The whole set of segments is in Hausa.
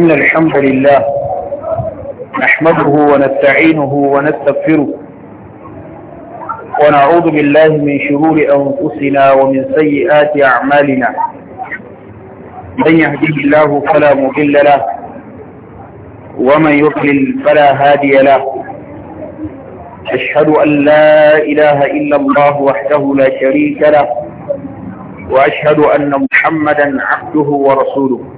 إن الحمد لله نحمده ونستعينه ونستغفره ونعوذ بالله من شرور أنفسنا ومن سيئات أعمالنا من يهديه الله فلا مضل له ومن يضلل فلا هادي له أشهد أن لا إله إلا الله وحده لا شريك له وأشهد أن محمدا عبده ورسوله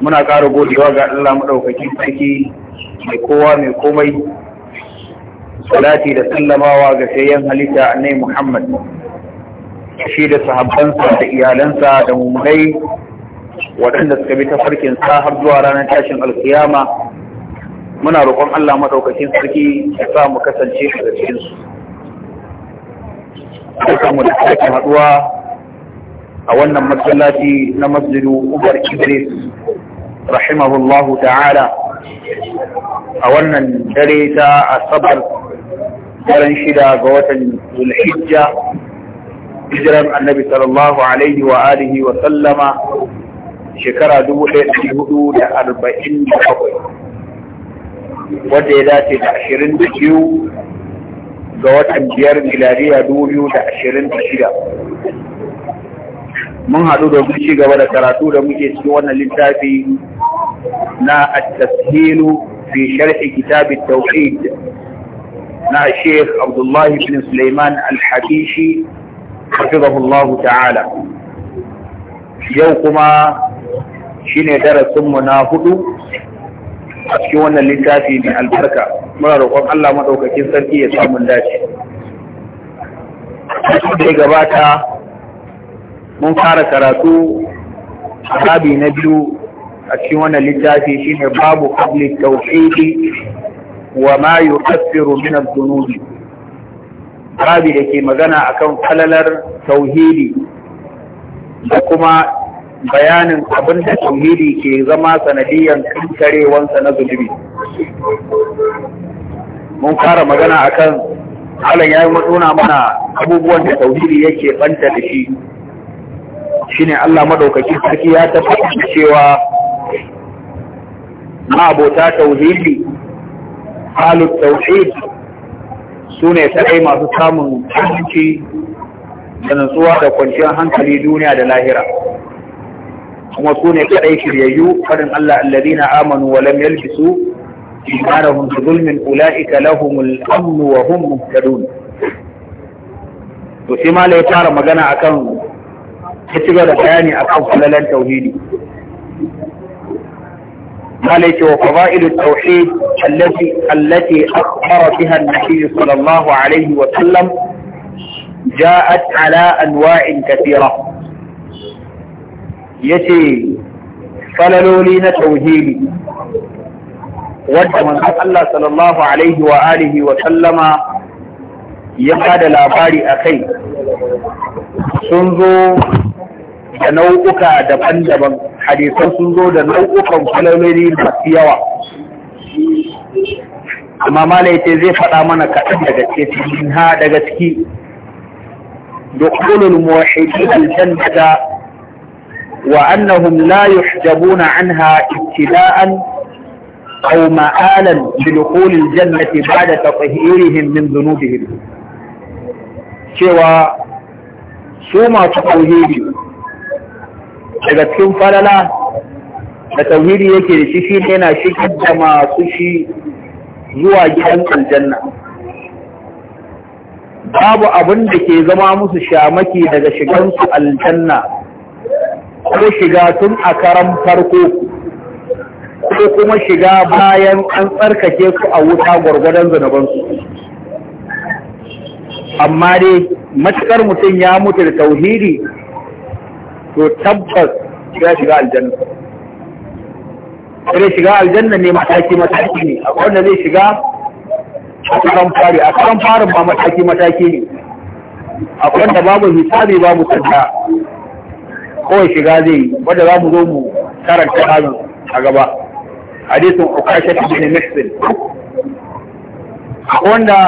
muna ƙara godewa ga Allah maɗaukakin sarki mai kowa mai komai salati da sallamawa ga sayyan halitta annai Muhammad shi da sahabbansa da iyalansa da mummunai waɗanda suka bi tafarkin sa har zuwa ranar tashin alkiyama muna roƙon Allah maɗaukakin sarki ya sa mu kasance a daga su Barkanmu da sake haɗuwa a wannan masallaci na masjidu Umar Idris rahimahullahu ta'ala a wannan dare ta asabar daren shida ga watan zulhijja hijiran annabi sallallahu alaihi wa alihi wa sallama shekara 1447 wadda ya dace da 22 ga watan biyar miladiya 2026 mun haɗu domin ci gaba da karatu da muke cikin wannan littafi na at-tashilu fi sharhi kitab at-tauhid na Sheikh Abdullah ibn Sulaiman Al-Hakishi ta'ala yau kuma shine darasin mu na hudu a cikin wannan littafi mai albarka muna roƙon Allah madaukakin sarki ya samu dace. Sai gabata mun fara karatu rabi na biyu a cikin wannan littafi shine babu qabli tauhidi wa ma yukaffiru min adh-dhunub da ke magana akan falalar tauhidi da kuma bayanin abin da tauhidi ke zama sanadiyan kankarewansa na zunubi mun fara magana akan Allah ya yi matsuna mana abubuwan da tauhidi yake banta da shi shine Allah madaukakin sarki ya tabbata cewa ma'abota tauhidi halut tauhid ne sai masu samun aminci da nutsuwa da kwanciyar hankali duniya da lahira kuma sune kaɗai shiryayyu farin Allah na amanu wa lam yalbisu imanahum bi zulmin ulaika lahumul amn wa hum muhtadun to sai ya fara magana akan ya ci da bayani a kan falalan tauhidi مالك وفضائل التوحيد التي التي أخبر بها النبي صلى الله عليه وسلم جاءت على أنواع كثيرة يتي فللوا لنا توهيدي wadda manzon Allah sallallahu alaihi wa alihi wa sallama ya bada labari a kai sun zo da nau'uka daban-daban hadisan sun zo da nau'ukan kulolori masu yawa amma malai ce zai faɗa mana kaɗan daga cikin ha daga ciki dukulul muwahhidi aljannata wa annahum la yuhjabuna anha ibtida'an aw ma'alan bi dukulil jannati ba'da tatahirihim min dhunubihim cewa su masu tauhidi daga cikin falala da tauhidi yake da shi shi yana shigar da masu shi zuwa gidan aljanna babu abin da ke zama musu shamaki daga shigansu aljanna ko shiga tun a karan farko ko kuma shiga bayan an tsarkake su a wuta gwargwadon zanabansu amma dai matukar mutum ya mutu da tauhidi to tabbas ya shiga aljanna sai shiga aljanna ne mataki mataki ne a wanda zai shiga a karan fari a karan farin ba mataki mataki ne a wanda babu hisabi babu tsada kawai shiga zai yi wanda za mu zo mu karanta hazin a gaba hadisin ukashat bin mihsin akwai wanda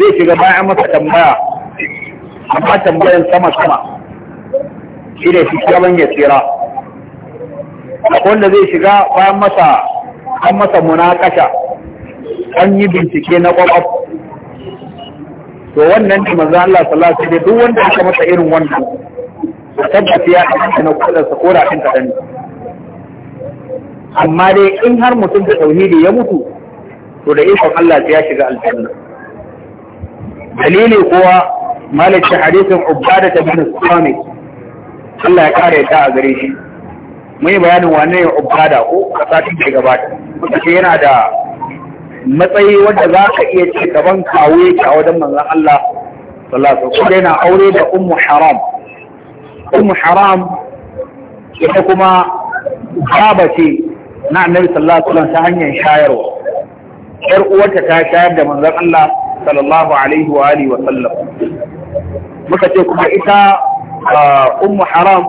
zai shiga bayan masa tambaya amma tambayan sama sama shi da shi ban ya tsira wanda zai shiga bayan masa an masa munakasha an yi bincike na kwakwaf to wannan da manzo Allah sallallahu alaihi wasallam duk wanda aka masa irin wannan tabbata ya kanta na kudin sa ko rafin kadan amma dai in har mutum da tauhidi ya mutu to da ikon Allah ya shiga aljanna dalili kuwa malik hadisin ubada ta bin sami Allah ya kare ta a gare shi mun yi bayanin wannan ya ubada ko a satin da gabata muka ce yana da matsayi wadda za ka iya ce gaban kawo yake a wajen manzan Allah sallallahu alaihi wasallam yana aure da ummu haram ummu haram ita kuma baba ce na annabi sallallahu alaihi wasallam ta hanyar shayarwa yar uwarta ta shayar da manzan Allah sallallahu alaihi wa alihi wa sallam muka ce kuma ita ummu haram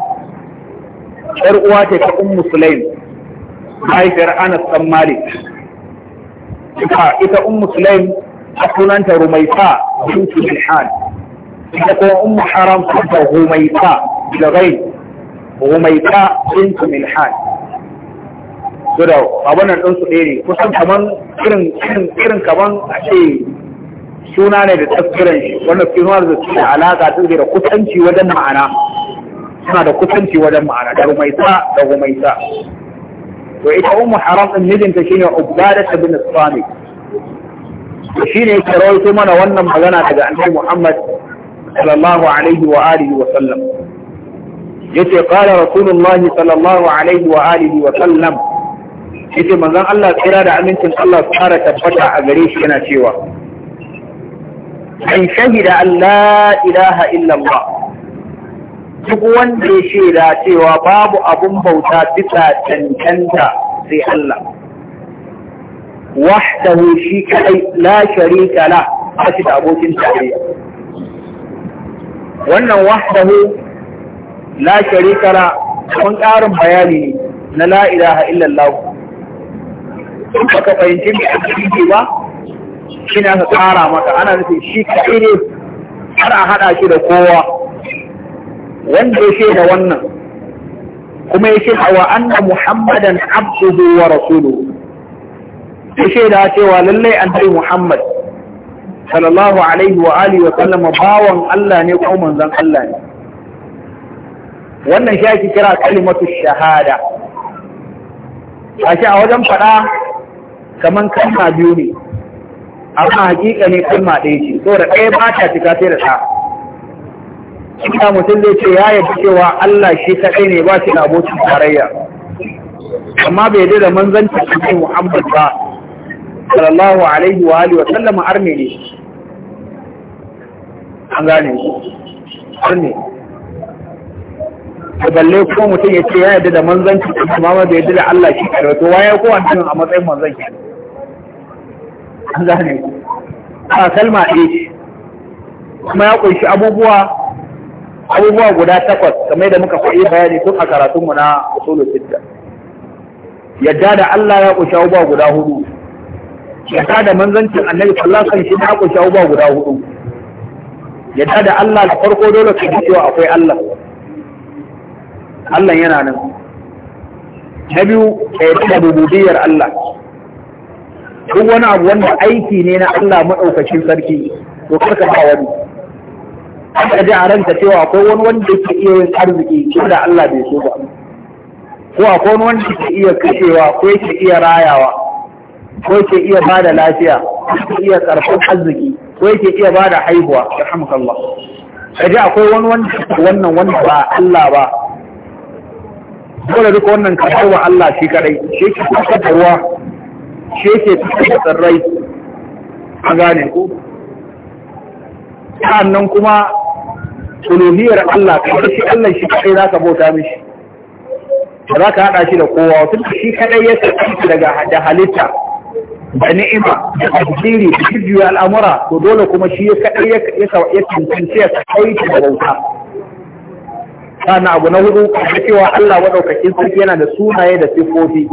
yar uwa ce ta ummu sulaim mahaifiyar anas dan malik ita ita ummu sulaim a sunanta rumaita bintu bilhan ita kuma ummu haram sunanta rumaita bilghain rumaita bint bilhan so da abunan ɗinsu ɗaya ne kusan kaman irin irin kaman a ce suna ne da tafsirin shi wanda suna da su da alaƙa su da kusanci wajen ma'ana suna da kusanci wajen ma'ana da rumaisa da rumaisa to ita ummu haram din mijinta shine ubada ta bin sami shi ne yake rawaito mana wannan magana daga annabi Muhammad sallallahu alaihi wa alihi wa sallam yace qala rasulullahi sallallahu alaihi wa alihi wa sallam yace manzon Allah tsira da amincin Allah tsara tabbata a gare shi yana cewa an shahida Allah ilaha illallah duk wanda ya shaida cewa babu abun bauta bisa cancanta sai Allah wahdahu shi kadai la sharika la a shi da abokin tarayya wannan wahdahu la sharika la kun ƙarin bayani ne na la ilaha illallah ba ka fahimci me ake ba shi ne aka ƙara maka ana nufin shi kaɗai ne har a haɗa shi da kowa wanda ya shaida wannan kuma ya shaida wa anna muhammadan abduhu wa rasuluhu ya shaida cewa lallai annabi muhammad sallallahu alaihi wa alihi wa sallama bawan Allah ne ko manzon Allah ne wannan shi kira kalimatu shahada a a wajen faɗa kamar kalma biyu ne amma hakika ne kalma ɗaya ce saboda ɗaya ba ta cika sai da ta ina mutum zai ce ya yarda cewa Allah shi kaɗai ne ba shi da abokin tarayya amma bai yarda da manzancin annabi Muhammad ba sallallahu alaihi wa alihi wa sallam arme ne an gane arme da balle ko mutum ya ce ya yarda da manzancin annabi Muhammad bai yarda da Allah shi kaɗai to waye ko wannan a matsayin manzanci an gane a kalma ɗaya kuma ya ƙunshi abubuwa abubuwa guda takwas kamar da muka faɗi bayani tun a karatunmu na solo sitta yadda da Allah ya ƙunshi abubuwa guda hudu yadda da manzancin annabi sallallahu alaihi wasallam shi ya ƙunshi abubuwa guda hudu yadda da Allah da farko dole ka ji cewa akwai Allah Allah yana nan na biyu ka yadda da rububiyar Allah duk wani abu wanda aiki ne na Allah maɗaukacin sarki to karka ba wani aka ji a ranka cewa akwai wani wanda ke iya yin arziki ko da Allah bai so ba ko akwai wani wanda ke iya kashewa ko yake iya rayawa ko yake iya ba da lafiya ko yake iya karfin arziki ko yake iya ba da haihuwa rahmakallah ka ji akwai wani wanda wannan wanda ba Allah ba ko da duka wannan karɓar wa Allah shi kaɗai, shi yake kusa da ruwa shi ke fitar da tsirrai a gane ku sa'annan kuma uluhiyar Allah kamar shi Allah shi kaɗai za ka bauta mishi da za ka haɗa shi da kowa tun shi kaɗai ya tafi daga da halitta da ni'ima da tasiri da shirjiyoyi al'amura to dole kuma shi ya kaɗai ya tantance ya kawai da bauta sannan abu na hudu a cewa Allah waɗaukakin sarki yana da sunaye da sifofi.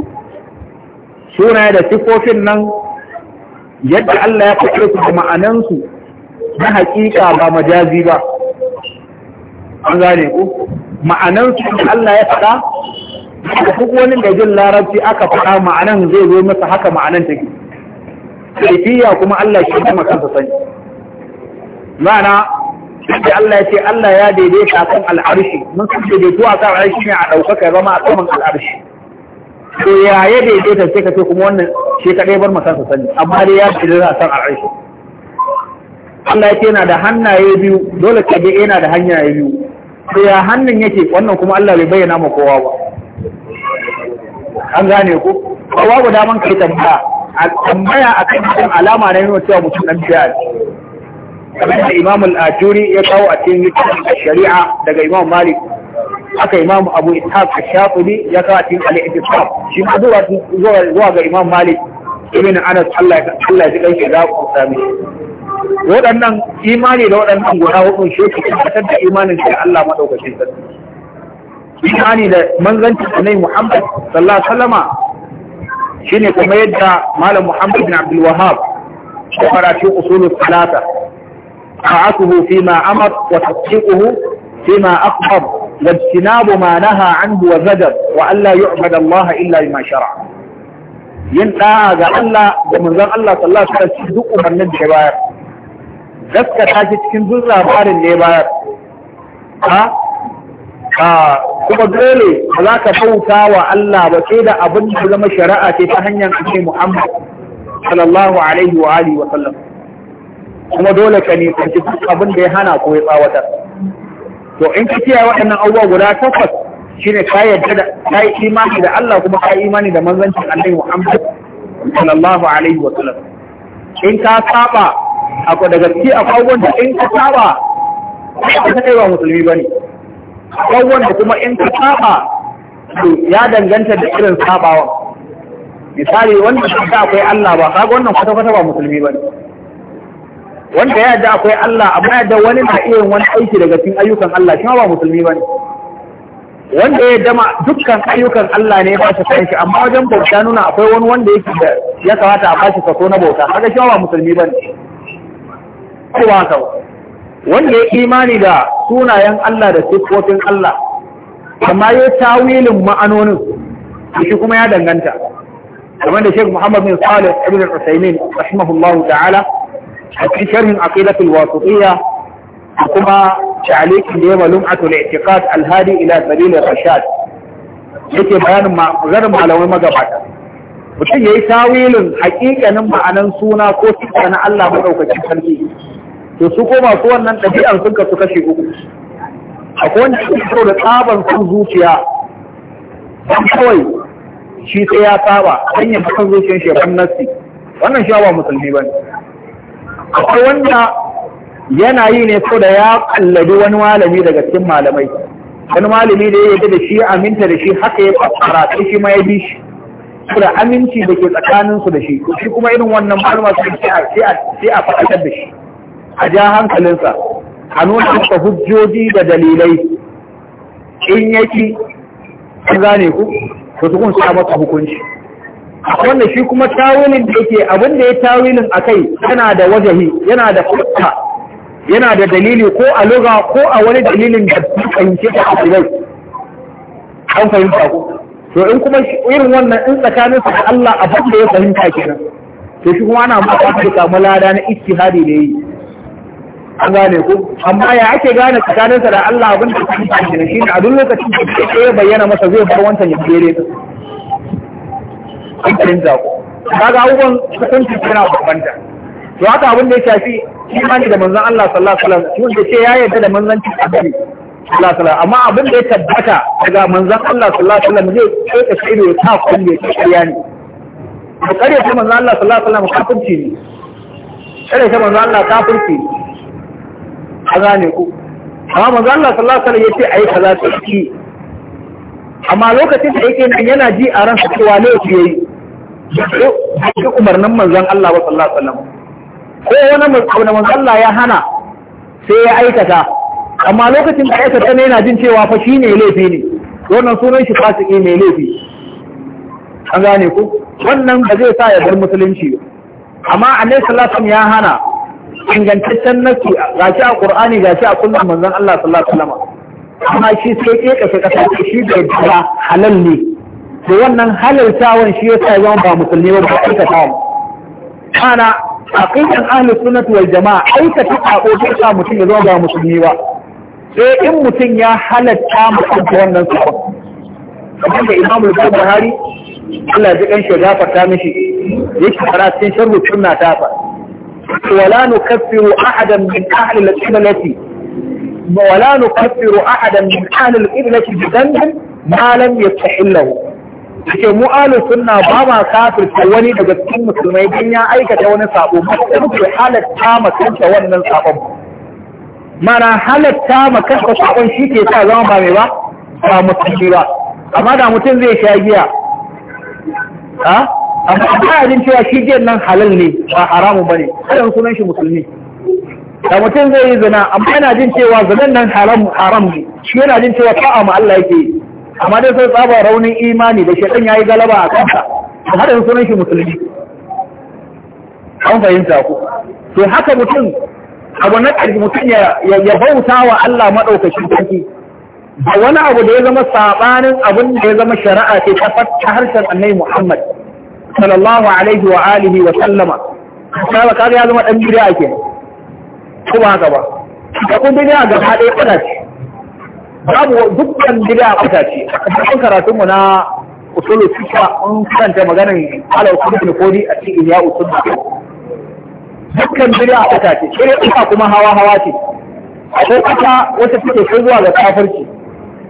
suna da sifofin nan yadda Allah ya faɗe su da ma'anansu na haƙiƙa ba majazi ba an gane ku ma'anansu da Allah ya faɗa da duk wani da jin larabci aka faɗa ma'anan zai zo masa haka ma'anan take kaifiya kuma Allah shi kuma kansa sani ma'ana da Allah ya ce Allah ya daidaita kan al'arshi mun san daidaito akan al'arshi ne a ɗaukaka zama a saman al'arshi to ya ya daidaita sai ka ce kuma wannan shi kadai bar makansa sani amma dai ya fi da san al'arshi Allah yake yana da hannaye biyu dole ka ga yana da hanyaye biyu to ya hannun yake wannan kuma Allah bai bayyana ma kowa ba an gane ku kowa ba daman kai tambaya tambaya kan cikin alama na yana cewa mutum dan biya ne kamar da Imam al-Ajuri ya kawo a cikin shari'a daga Imam Malik aka imamu abu ishaq ash-shafi'i ya kawo cikin al-i'tisab shi ma zuwa zuwa ga imam malik ibn anas Allah ya Allah ya kai da ku sami wadannan imani da wadannan guda hudu shi ke tabbatar da imanin da Allah madaukakin sarki imani da manzancin annabi Muhammad sallallahu alaihi wasallama shine kuma yadda malam Muhammad bin Abdul Wahhab ya fara cikin usulul salata ta'atuhu fima amar wa tasdiquhu fima akhbar wajtinabu ma naha anhu wa zadar wa Allah yu'bada Allah illa bima yin da'a ga Allah da manzon Allah sallallahu alaihi wasallam duk umarnin da bayar gaskata shi cikin duk labarin ne bayar a kuma dole ba za ka bauta wa Allah ba sai da abin da zama shari'a ce ta hanyar ake Muhammad sallallahu alaihi wa alihi wa sallam kuma dole ka ne kanci abin da ya hana ko ya tsawatar to in ka kiyaye waɗannan abubuwa guda takwas shine ka yadda da ka yi imani da Allah kuma ka yi imani da manzancin Annabi Muhammad sallallahu alaihi wa sallam in ka saba akwai da gaske akwai wanda in ka saba ba ta kai musulmi bane akwai wanda kuma in ka saba to ya danganta da irin sabawa misali wanda ka akwai Allah ba kaga wannan kwata-kwata ba musulmi bane wanda ya da akwai Allah amma yadda wani na iya wani aiki daga cikin ayyukan Allah shi ba musulmi bane wanda ya dama dukkan ayyukan Allah ne ba shi kanshi amma wajen bauta nuna akwai wani wanda yake da ya kamata a bashi kaso na bauta kaga shi ba musulmi bane ko ba ka wanda ya imani da sunayen Allah da sifofin Allah amma ya tawilin ma'anonin shi kuma ya danganta kamar da Sheikh Muhammad bin Salih ibn al rahimahullahu ta'ala a cikin sharhin aqidatul wasitiyya kuma ta'liqin da ya malum atul i'tiqad al-hadi ila sabil ar-rashad yake bayanin maganar malamai magabata mutum ya yi tawilin hakikanin ma'anan suna ko sifa na Allah maɗaukacin sarki to su ko masu wannan ɗabi'ar sun kasu kashe uku akwai wanda ke da tsaban sun zuciya Dan kawai shi sai ya saba hanyar kan zuciyar shekar nassi wannan shawa musulmi ba ne akwai wanda yana yi ne so da ya kallabi wani malami daga cikin malamai wani malami da ya yi da shi aminta da shi haka ya fara sai shi ma ya bi shi so da aminci da ke tsakanin su da shi Ko shi kuma irin wannan malama su sai a faɗaɗar da shi a ja hankalinsa a nuna masa hujjoji da dalilai in yaki an gane ku to kun sa masa hukunci wannan shi kuma tawilin da yake abin da ya tawilin a kai yana da wajahi yana da fuska yana da dalili ko a luga ko a wani dalilin da su fahimce ta bai an fahimta ku to in kuma irin wannan in tsakanin su da Allah abin da ya fahimta kenan to shi kuma ana maka ta samu lada na ijtihadi da yi an gane ku amma ya ake gane tsakanin sa da Allah abin da ya fahimta kenan shine a duk lokacin da ya bayyana masa zai bar wancan ya fere hukuncin zago kaga abubuwan hukuncin suna bambanta to haka abin da ya shafi imani da manzon Allah sallallahu alaihi wasallam wanda ce ya yarda da manzancin annabi sallallahu alaihi wasallam amma abin da ya tabbata daga manzon Allah sallallahu alaihi wasallam zai kai ka ido ya ta kulle ta kariya ne to kare ta manzon Allah sallallahu alaihi wasallam kafirci ne kare ta manzon Allah kafirci ne a gane ku amma manzon Allah sallallahu alaihi wasallam yace ayi kaza ta ki amma lokacin da yake nan yana ji a ran cewa ne yake yi ba ki umarnin manzan Allah wa sallallahu alaihi wasallam ko wani abu da Allah ya hana sai ya aikata amma lokacin da aikata ne yana jin cewa fa shi ne laifi ne wannan sunan shi fasiki mai laifi an gane ku wannan ba zai sa ya bar musulunci amma annabi sallallahu alaihi ya hana ingantaccen nasi gashi a qur'ani gashi a kullum manzon Allah sallallahu alaihi wasallam amma shi sai ke kasa kasa shi da halal ne to wannan halaltawan shi yasa zama ba musulmi ba ba aikata mu a aqidan ahli sunnati wal jamaa aikata sako sai sa mutum ya zama ba musulmi ba sai in mutum ya halatta mutum ta wannan sako kamar da Imam Bukhari Allah ya kan shiga fata mishi yake fara cikin sharhu sunna ta fa wala nukaffiru ahadan min ahli al-qiblati wala nukaffiru ahadan min ahli al-qiblati bi dhanbin ma lam yastahillahu yake mu suna sunna ba ma kafirta wani daga cikin musulmai don ya aikata wani sabo ba mu halatta ma kanta wannan sabon mana halatta ma kanta sabon shi ke sa zama ba mai ba ba musulmi ba amma da mutum zai sha giya ha amma ba jin cewa shi giyan nan halal ne ba haramun ne kadan sunan shi musulmi da mutum zai yi zina amma yana jin cewa zinan nan haram haram ne shi yana jin cewa ta'a ma Allah yake yi amma dai sai tsaba raunin imani da shekan ya yi galaba a kansa da haɗin sunan shi musulmi an fahimta ku to haka mutum abu na ƙarfi mutum ya bauta wa Allah maɗaukacin sarki da wani abu da ya zama saɓanin abin da ya zama shari'a ce ta harshen annai Muhammad sallallahu alaihi wa alihi wa sallama kaga ya zama ɗan bid'a ke ko ba haka ba da kun bid'a gaba ɗaya kana ce babu dukkan a bata ce a karatun mu na usulu fiqh an karanta maganin ala usulu ne kodi a cikin ya usul dukkan a bata ce sai ita kuma hawa hawa ce akwai kasa wata suke kai zuwa ga kafirci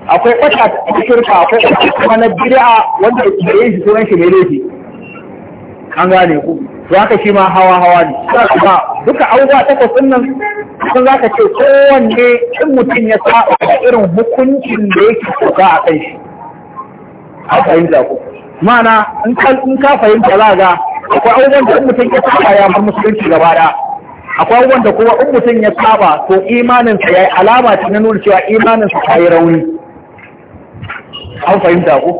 akwai kasa ta shirka akwai kata kuma na gida wanda ke yi shi sunan shi mai laifi an gane ku Za ka shi ma hawa hawa ne ba duka abubuwa takwas din nan sun za ka ce kowanne in mutum ya saba a irin hukuncin da yake soka a kai shi a fahimta ku mana in ka fahimta za ga akwai abubuwan da in mutum ya saba ya bar musulunci gaba da akwai abubuwan da kuma in mutum ya saba to imaninsa ya yi alama ta nuna cewa imaninsa ta yi rauni an fahimta ku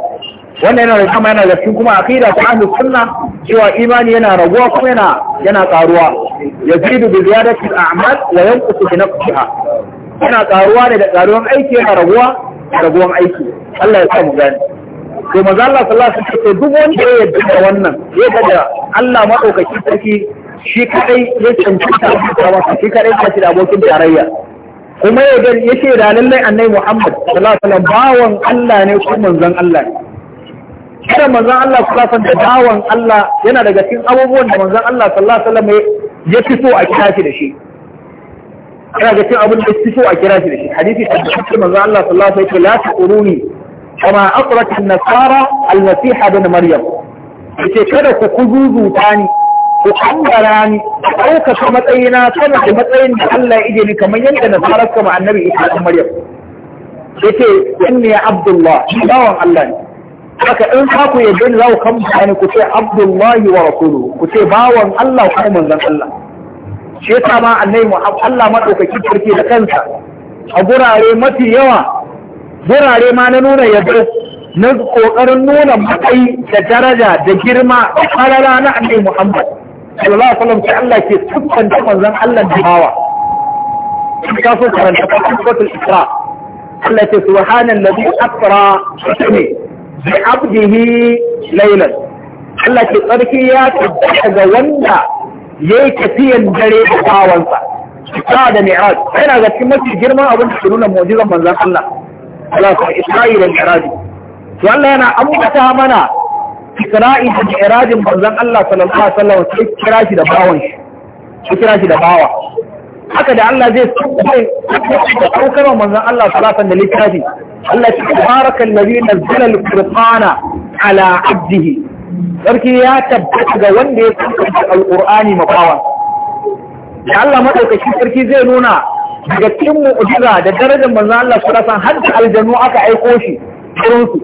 wannan yana da kama yana da cikin kuma aqida ta ahlus sunna cewa imani yana raguwa kuma yana yana karuwa yazidu bi ziyadati al-a'mal wa yanqusu bi naqsiha yana karuwa ne da karuwan aiki yana raguwa da raguwan aiki Allah ya sa mu gani to manzo Allah sallallahu alaihi wasallam duk wanda ya yarda da wannan ya da Allah madaukaki sarki shi kadai ya cancanta da masa shi kadai ya ci da abokin tarayya kuma ya ce da lallai annai Muhammad sallallahu alaihi wasallam bawon Allah ne kuma manzon Allah ne kada manzon Allah sallallahu da dawon Allah yana daga cikin abubuwan da manzon Allah sallallahu alaihi ya fito a kira shi da shi yana daga cikin abin da ya fito a kira shi da shi hadisi da manzon Allah sallallahu alaihi wasallam la taquruni kama aqrat an-nasara al-masih ibn maryam yace kada ku kuzuzu ni ku kambara ni ɗaukaka matsayina sama da matsayin da Allah ya ije ni kamar yadda nasara sama annabi isa ibn maryam yace inni abdullah bawan Allah ne haka in ka ku yadda ni za ku kan mutane ku ce abdullahi wa rasulu ku ce bawan Allah kuma manzon Allah shi yasa ma annabi Muhammad Allah madaukakin sarki da kansa a gurare mafi yawa gurare ma na nuna yadda na kokarin nuna matsayi da daraja da girma da falala na annabi Muhammad sallallahu alaihi wasallam sai Allah ke tukkanta manzon Allah da bawa ka so karanta suratul Isra Allah ce subhanallazi asra bi bi abdihi laylan Allah ke tsarki ya tabbata ga wanda yayi tafiyan dare da bawansa ta da mi'raj yana ga cikin mafi girma abin da ke nuna mu'jizan manzon Allah Allah ko Isra'i da mi'raj to Allah yana ambata mana Isra'i da mi'rajin manzon Allah sallallahu alaihi wasallam sai kira shi da bawan shi sai kira shi da bawa haka da Allah zai tsaye da ɗaukar manzon Allah sallallahu alaihi wasallam da littafi Allah ce tabaraka allazi nazzala al-furqana ala abdihi sarki ya tabbata ga wanda ya tabbata al-qur'ani mabawa Allah madaukaki sarki zai nuna daga cikin mu'jiza da darajar manzon Allah su rasan aljannu aka aiko shi irin su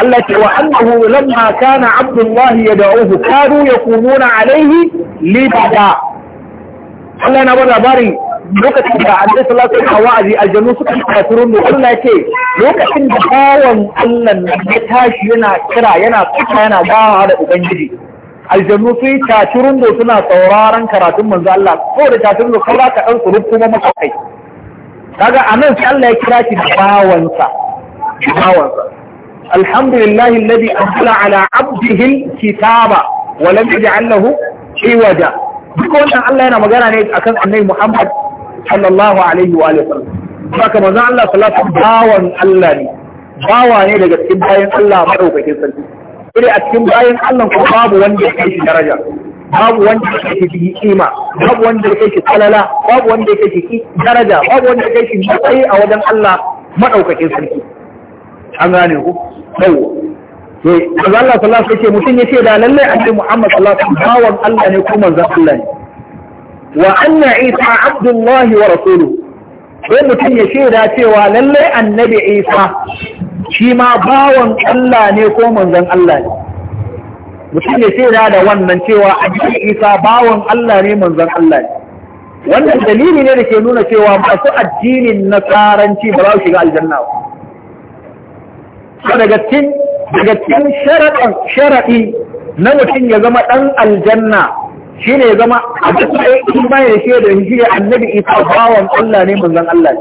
Allah ce wa annahu lamma kana Abdullah yad'uhu kadu yakununa alayhi libada Allah na ba labarin lokacin da Allah sallallahu alaihi wasallam wa'azi aljanu suka kafirun da Allah ce lokacin da bawan Allah ya tashi yana kira yana tsaka yana gawa da ubangiji aljanu sai kafirun da suna sauraron karatun manzo Allah ko da kafirun da kaza ka dan tsuru kuma maka kai kaga anan sai Allah ya kira shi da bawansa bawansa alhamdulillah alladhi anzala ala abdihi alkitaba wa lam yaj'al lahu iwaja duk wannan Allah yana magana ne akan annabi Muhammad sallallahu alaihi wa sallam saka manzon Allah sallallahu alaihi bawan Allah ne bawa ne daga cikin bayan Allah madaukakin sarki sai a cikin bayan Allah ko babu wanda ya kai shi daraja babu wanda ya kai shi kima babu wanda ya kai shi babu wanda ya kai shi daraja babu wanda ya kai shi matsayi a wajen Allah madaukakin sarki an gane ku yawa to Allah sallallahu alaihi wasallam mutum yace da lalle annabi Muhammad sallallahu alaihi wasallam bawan Allah ne ko manzon Allah ne wa anna isa abdullahi wa rasuluhu sai mutum ya shaida cewa lallai annabi isa shi ma bawan Allah ne ko manzon Allah ne mutum ya shaida da wannan cewa annabi isa bawan Allah ne manzon Allah ne wannan dalili ne da ke nuna cewa masu addinin nasaranci ba za su shiga aljanna ba daga cikin daga cikin sharaɗi na mutum ya zama ɗan aljanna shi ne zama a cikin in bayan shi da shi annabi isa bawan Allah ne manzon Allah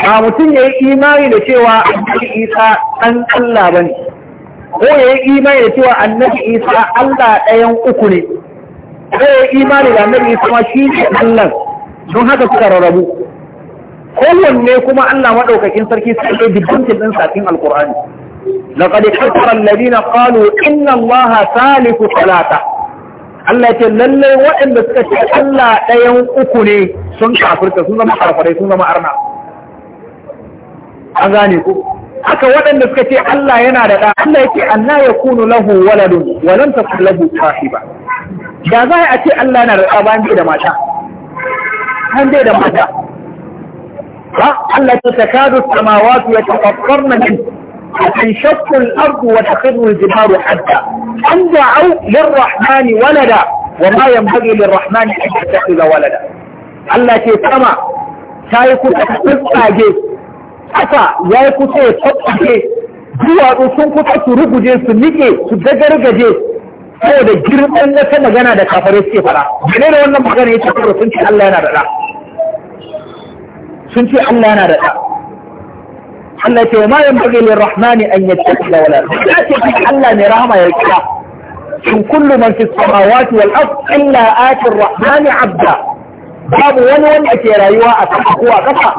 ba mutum ya yi imani da cewa annabi isa ɗan Allah ba ne ko ya yi imani da cewa annabi isa Allah ɗayan uku ne ko ya yi imani da annabi isa ma shi ne Allah don haka suka rarrabu kowanne kuma Allah maɗaukakin sarki sai ya dubbantin ɗin sakin alƙur'ani لقد كفر الذين قالوا إن الله ثالث ثلاثة Allah ya ce lallai waɗanda suka ce Allah ɗayan uku ne sun kafirta sun zama harfarai sun zama arna an gane ku haka waɗanda suka ce Allah yana da ɗa Allah ya ce anna yakunu lahu waladun wa lam takun lahu sahiba da za a ce Allah yana da ɗa bayan bai da mata an bai da mata ba Allah ya ce ta takadu samawati yatafattarna min وتنشق الأرض وتخر الجبال حدا أن دعوا للرحمن ولدا وما ينبغي للرحمن أن يتخذ ولدا Allah ce sama ta yi kusa ta tsage, ƙasa ya yi kusa ya tsatsage duwatsu sun kusa su ruguje su nike su gagargaje saboda girman wata magana da kafare suke fara gane da wannan magana ya ce sun ce Allah yana da ɗa sun ce Allah yana da ɗa حلته وما ينبغي للرحمن أن يتخذ ولا تأتي حلا نراما يكفى شو كل من في السماوات والأرض إلا آتي الرحمن عبدا باب ون ون أتي رأيوها أتحقوا أكفى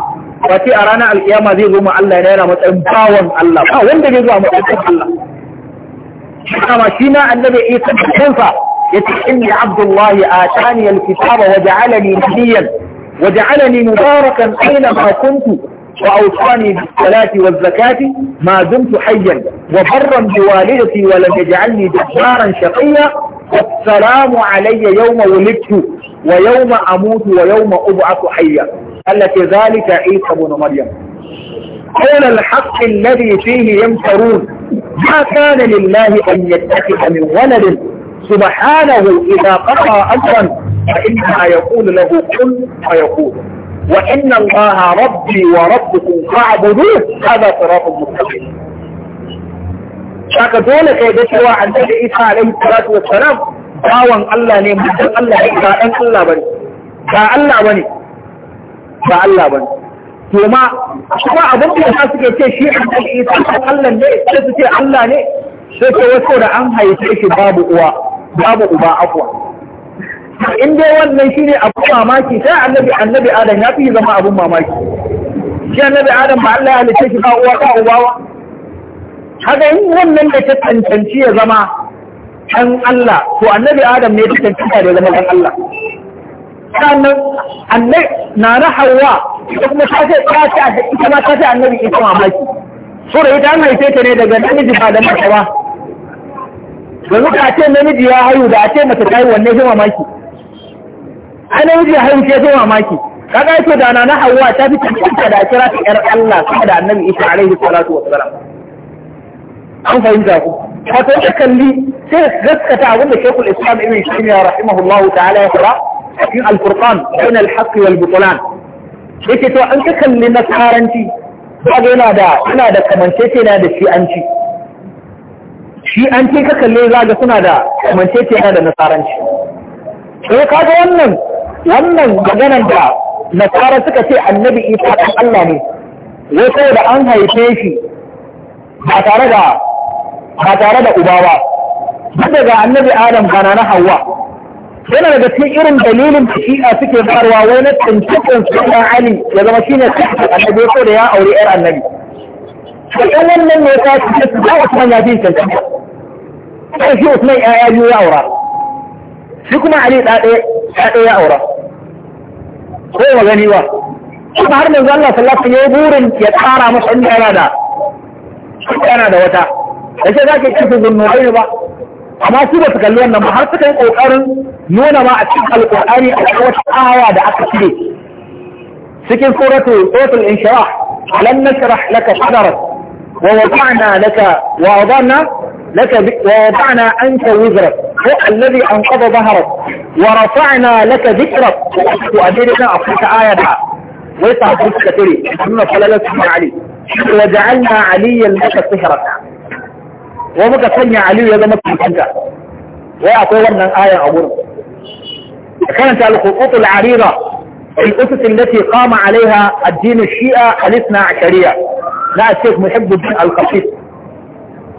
وتي أرانا القيامة ذي ذو معلا نيرا متأمتاون الله آه وين ذي ذو متأمتاون الله كما شينا النبي إيسا يقول اني عبد الله آتاني الكتاب وجعلني نبيا وجعلني مباركا أينما كنت وأوصاني بالصلاة والزكاة ما دمت حيا وبرا بوالدتي ولم يجعلني جبارا شقيا والسلام علي يوم ولدت ويوم أموت ويوم أبعث حيا التي ذلك عيسى بن مريم قول الحق الذي فيه يمترون ما كان لله أن يتخذ من ولد سبحانه إذا قضى أمرا فإنها يقول له كن فيقول wa وإن الله ربي وربكم فاعبدوه هذا صراط مستقيم shaka dole kai da cewa an tafi isa alaihi salatu wassalam bawan Allah ne mutum Allah ne ba dan Allah bane ba Allah bane ba Allah bane to ma kuma abin da ta suke ce shi an tafi isa Allah ne sai su ce Allah ne sai ce wasu da an haife shi babu uwa babu uba afwa in dai wannan shi ne abun mamaki sai annabi annabi adam ya fi zama abin mamaki shi annabi adam ba Allah ya halitta shi ba uwa ba ubawa haka in wannan da ta tantance ya zama dan Allah to annabi adam ne ta tantance da zama dan Allah sannan annabi na na hawa ko kuma ta ce ta ce ita ma ta ce annabi ita mamaki sura ita an haife ta ne daga namiji ba da mace ba yanzu ka ce namiji ya haihu da a ce mace ta yi wanne shi mamaki ai namiji hayin ke zo mamaki kaga ito da na hawa ta fi tantance da kira ta yar Allah kuma da annabi Isa alaihi salatu wassalam an fahimta ku wato ta kalli sai gaskata abin da Sheikhul Islam Ibn Taymiyyah rahimahullahu ta'ala ya fara cikin Al-Qur'an bain al-haqq wal butlan yake to an ka kalli nasaranci kaga yana da yana da kamanceceniya da shi'anci shi'anci ka kalle ga suna da kamanceceniya da nasaranci sai kaga wannan wannan maganan da nasara suka ce annabi isa ɗan Allah ne wai sai da an haife shi ba tare da ba tare da uba ba duk daga annabi adam bana na hawa yana daga cikin irin dalilin da shi'a suke barwa wai na tantukan sunan ali ya zama shine sai annabi ya da ya aure yar annabi to dan wannan ne ta ce ba wata manya bin tantuka sai shi Usman biyu ya aura shi kuma ali da ɗaya ya aura ko ya gani ba kuma har manzo Allah sallallahu alaihi wasallam burin ya tsara masa inda yana da yana da wata da ce zaka ci su gunnu ai ba amma su ba su kalli wannan ba har suka yi kokarin nuna ma a cikin alqur'ani a cikin wata aya da aka cire cikin suratul suratul inshirah alam nashrah laka sadrak wa wada'na laka wa wada'na لك ووضعنا أنت وزرك هو الذي أنقض ظهرك ورفعنا لك ذكرك وأدرنا أفريك آية بها ويسا أفريك كثيري صلى الله عليه وسلم علي وجعلنا عليا لك سهرك ومك سنع علي يا دمك مكانك ويعطي لنا الآية أولا كانت الخطوط العريضة الأسس التي قام عليها الدين الشيئة الاثنى عشرية لا الشيخ محب الدين القصيص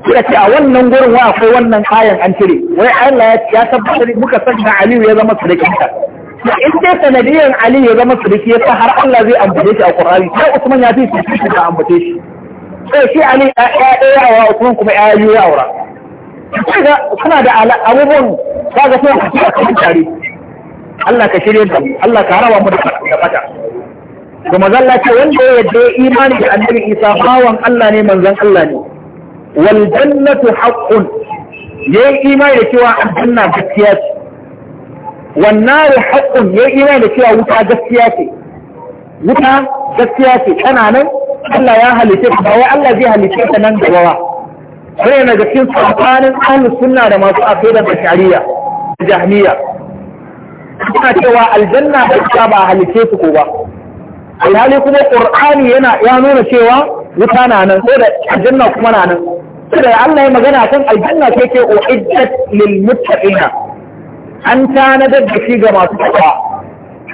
suka ce a wannan gurin wa akwai wannan kayan an cire wai Allah ya tabbatar muka sanya Aliyu ya zama sadakinka to in dai sanadiyan Aliyu ya zama sadaki ya har Allah zai ambace shi a Qur'ani sai Usman ya fi shi da ambace shi sai shi Ali ya ya wa Usman kuma ya yi aura kaga kuna da abubuwan kaga sai ku ci tare Allah ka shirye da Allah ka harawa mu da fata kuma zalla ce wanda ya yarda imani da Annabi Isa bawan Allah ne manzon Allah ne wal haƙƙun ya yi imani da cewa aljanna gaskiya ce wan haƙƙun ya yi imani da cewa wuta gaskiya ce wuta gaskiya ce tana nan Allah ya halice ka wai Allah zai halice ka nan gaba ba sai na ga cikin tsakanin ahlus sunna da masu aqida da shari'a jahmiya suna cewa aljanna da ita ba halice su ko ba alhali kuma qur'ani yana ya nuna cewa wuta na nan sai da aljanna kuma na nan da Allah ya magana kan aljanna sai ce uhiddat lil muttaqina an tanadar da shi ga masu takawa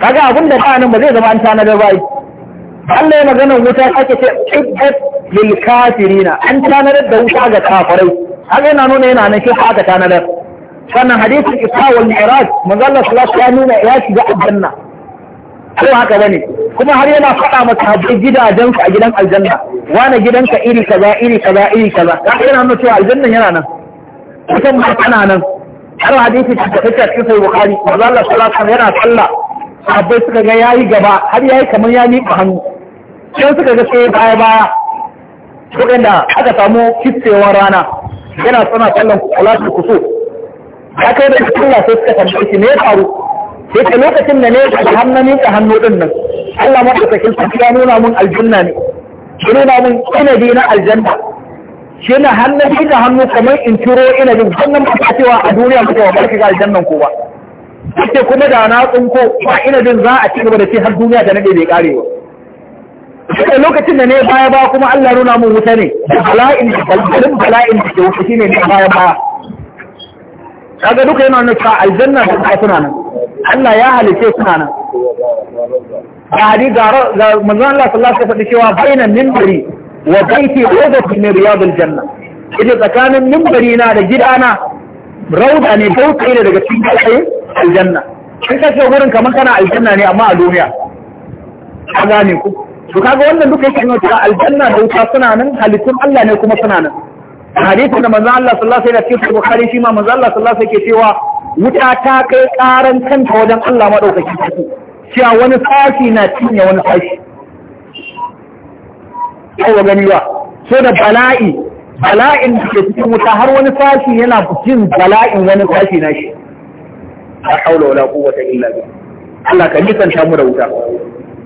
kaga abin da ba nan ba zai zama an tanadar ba Allah ya magana wuta ake ce uhiddat lil kafirina an tanadar da wuta ga kafirai haka yana nuna yana nan shi aka tanadar sannan hadisin isra wal mi'raj manzo Allah sallallahu alaihi nuna ya shiga aljanna ko haka bane kuma har yana faɗa masa gidajensu a gidan aljanna wane gidanka iri kaza iri kaza iri kaza ka yana nuna cewa aljannan yana nan mutum ma tana nan har hadisi ta tafiya cikin sai bukari manzo Allah sallallahu alaihi yana sallah sahabbai suka ga yayi gaba har yayi kamar ya miƙa hannu sai suka ga sai baya baya ko inda aka samu kitsewar rana yana tsana sallan salatu kusu ya kai da Allah sai suka tambaye shi me ya faru sai ka lokacin da ne ka hannu miƙa hannu din nan Allah madaukakin sarki ya nuna mun aljanna ne ki nuna min inabi na aljanna shi na hannun da hannu kamar in ina inabin wannan ba cewa a duniya muke ba barka ga aljannan ko ba sai kuma da na tsinko ba bin za a ci gaba da shi har duniya da nade bai karewa sai lokacin da ne baya ba kuma Allah nuna mun wuta ne bala'in balbalin bala'in da ke shine ne baya baya kaga duka yana nuna aljanna da suna nan Allah ya halice suna nan ga ga manzon Allah sallallahu alaihi wasallam cewa bainan minbari wa baiti rawdatun min riyadil janna idan tsakanin minbari na da gidana rauda ne dauka ne daga cikin alƙayin aljanna kai ka ce wurin kamar kana aljanna ne amma a duniya a gane ku to kaga wannan duka yake nuna cewa aljanna da wuta suna nan halittun Allah ne kuma suna nan hadisin da manzon Allah sallallahu alaihi wasallam ya ce Bukhari shi ma manzon Allah sallallahu alaihi wasallam yake cewa wuta ta kai karan kanta wajen Allah madaukakin sarki cewa wani sashi na cinye wani sashi yawa gani ba so da bala'i bala'in da ke cikin wuta har wani sashi yana jin bala'in wani sashi na shi a haula wala quwwata illa billah Allah ka nisan mu da wuta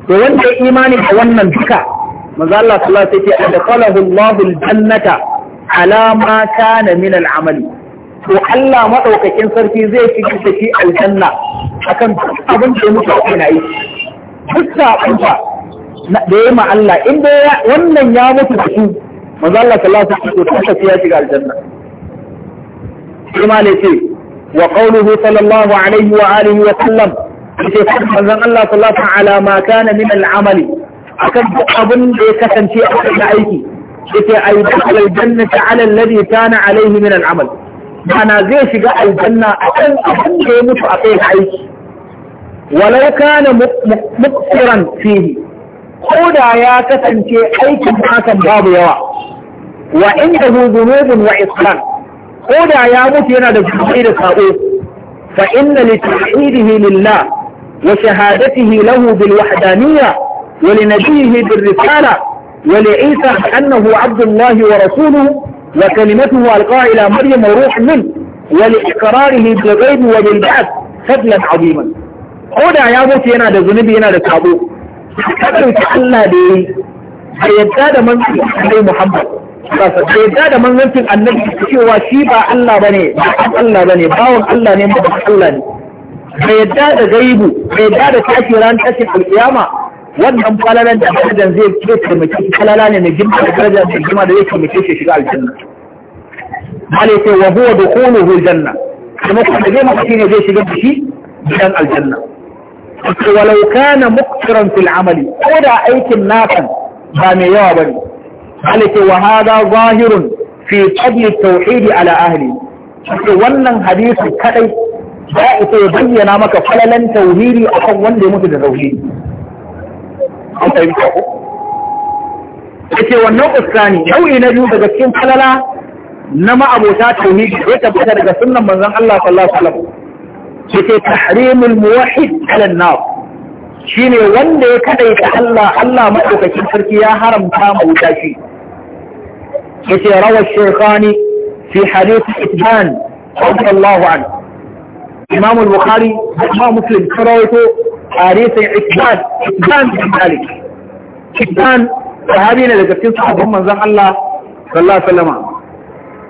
to wanda ya imani da wannan duka maza Allah sallallahu alaihi wasallam sai ya ce adkhalahu Allahu jannata ala kana min al-amali to Allah maɗaukakin sarki zai fi da shi aljanna akan abin da muke yana yi duk sabanta da ya ma Allah in da wannan ya mutu da shi manzo Allah sallallahu alaihi wasallam ya shiga aljanna kuma ne ce wa qawluhu sallallahu alaihi wa alihi wa sallam ce manzo Allah sallallahu ala ma kana min al-amali akan abin da ya kasance a cikin aiki yace ai da aljanna ala alladhi kana alaihi min al-amal mana zai shiga aljanna a kan abin da ya mutu a kai aiki walau kana muktiran fihi ko da ya kasance aikin hakan babu yawa wa inda hu zunubun wa islam ko da ya mutu yana da zunubi da sabo fa inna li tawhidihi lillah wa shahadatihi lahu bil wahdaniyya wa li nabiyhi bir risala wa li isa annahu abdullahi wa rasuluhu وكلمته ألقاها إلى مريم وروح منه ولإقراره بالغيب وبالبعث فضلا عظيما koda ya mutu yana da zunubi yana da sabo ka ɗauki Allah da yayi a yadda da manzon Annabi Muhammad ba yadda da manzancin Annabi cewa shi ba Allah ba Allah bane bawon Allah ne mutum Allah ne yadda da yadda da ran tashin alkiyama wannan falalan da darajar zai ke taimake shi falala ne mai girma da darajar mai girma da zai taimake shi shiga aljanna malai sai wa huwa dukhuluhu janna kuma da zai maka shine zai shiga da shi gidan aljanna walau kana muqtiran fil amali ko da aikin nakan ba mai yawa bane malai sai wa hada zahirun fi fadli tauhidi ala ahli wannan hadisi kadai za ita ya bayyana maka falalan tauhidi akan wanda ya mutu da tauhidi an fahimta ko yake wannan ustani nau'i na biyu daga cikin falala na ma'abota tauhidi ya tabbata daga sunnan manzon Allah sallallahu alaihi wasallam yake tahrimul muwahhid ala an-nar shine wanda ya kadaita Allah Allah madaukakin sarki ya haramta mu wuta shi yake rawa shaykhani fi hadith ibn radiyallahu anhu imam al-bukhari imam muslim karawato harisin ikban ikban da malik ikban sahabi ne daga cikin sahabban manzon Allah sallallahu alaihi wasallam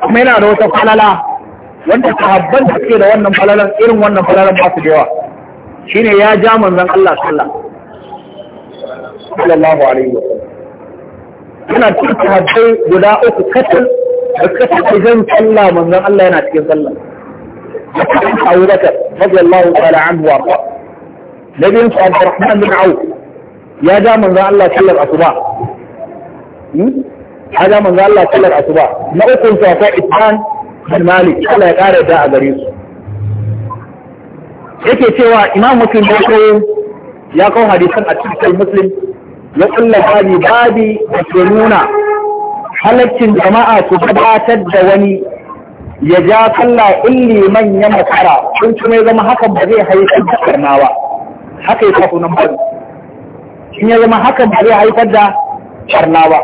kuma yana da wata falala wanda sahabban da suke da wannan falalan irin wannan falalan ba su da yawa shine ya ja manzon Allah sallallahu alaihi wasallam yana cikin sahabbai guda uku katal da katal zan sallah manzon Allah yana cikin sallah Abu Bakar radiyallahu ta'ala anhu wa na biyun su rahman bin au, ya ja manzo Allah sallar asuba hmm? ya ja manzo Allah sallar asuba na ukun su akwai Ibn bin Malik Allah ya kare da a gare su yake cewa Imam Muslim ya kawo ya kawo hadisan a cikin Muslim ya kulla babi babi da ke nuna halaccin jama'a su gabatar da wani ya ja kalla in liman ya makara sun kuma zama hakan ba zai haifar da karnawa haka ya sa sunan bari in ya zama hakan ba zai haifar da barna ba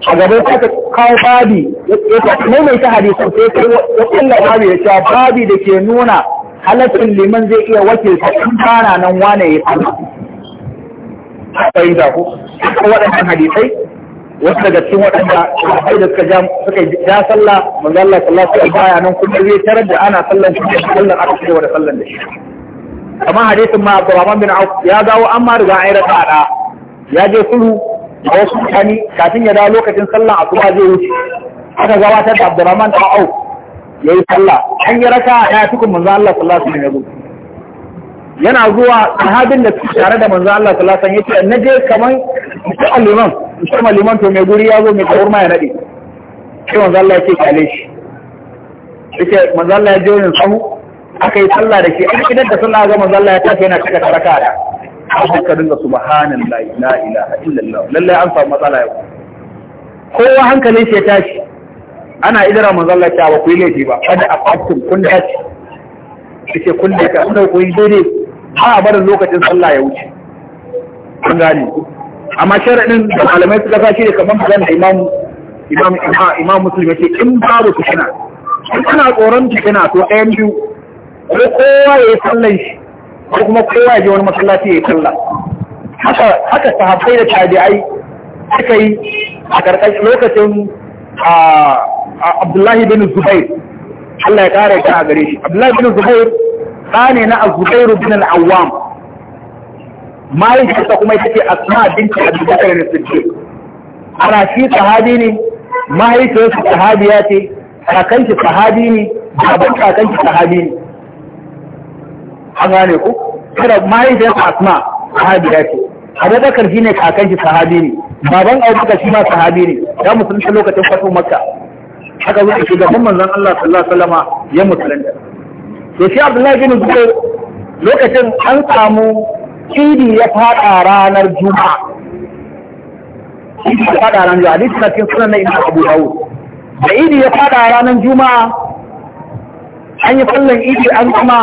a gaba ta kawo babi mai ta maimaita hadisan sai kai ya kulla babi ya cewa babi da ke nuna halaccin liman zai iya wakilta in bana nan wane ya fara fahimta ko ko waɗannan hadisai wasu daga cikin waɗanda sahabbai da suka suka ja sallah manzo Allah sallallahu alaihi wa sallam nan kuma zai tarar da ana sallan shi sallan aka cewa da sallan da shi kamar hadisin ma Abdurrahman bin Auf ya dawo an ma riga an raka ya je sulhu a wasu mutane kafin ya dawo lokacin sallah a kuma zai wuce aka gabatar da Abdurrahman ta Auf yayi sallah an yi raka ya tukun manzo Allah sallallahu alaihi wasallam yana zuwa sahabin da suke tare da manzo Allah sallallahu alaihi wasallam yace naje kamar mutum aliman mutum aliman to mai guri ya zo mai kawurma ya nade sai manzo Allah ya ce kale shi yake manzo Allah ya je yin sahu aka yi sallah da shi an idan da sallah ga manzo Allah ya tafi yana cika taraka da aka dinga subhanallahi la ilaha illallah lalle an samu matsala yau kowa hankalin shi ya tashi ana idara manzo Allah ta ba ku yi laifi ba kada a fatin kun dace kace kun da ka da kuyi yi daidai ba a barin lokacin sallah ya wuce kun gane amma sharadin da malamai suka sa shi ne kamar magana da imam imam imam muslim in babu kushina in kana tsoron kushina to ɗayan biyu ko kowa ya yi sallan shi ko kuma kowa ya je wani masallaci ya yi sallah haka haka sahabbai da tabi'ai suka yi a karkashin lokacin Abdullahi bin Zubair Allah ya kare ka a gare shi Abdullahi bin Zubair ɗane na Zubairu bin al-Awwam mahaifinsa kuma ita ce Asma binti Abi Bakr as-Siddiq ana shi sahabi ne mahaifiyarsa sahabiya ce kakanki sahabi ne baban kakanki sahabi ne an gane ku kada mahaifiyar asma sahabiya ce abubakar shi ne kakan shi sahabi ne baban abubakar shi ma sahabi ne ya musulunta lokacin fato makka haka zuwa shugaban manzon Allah sallallahu alaihi wasallama ya musulunta to shi Abdullahi bin Zubair lokacin an samu idi ya fada ranar juma'a idi ya fada ranar juma'a hadisi na cikin sunan na Ibn Abu Dawud da idi ya fada ranar juma'a an yi sallan idi an kuma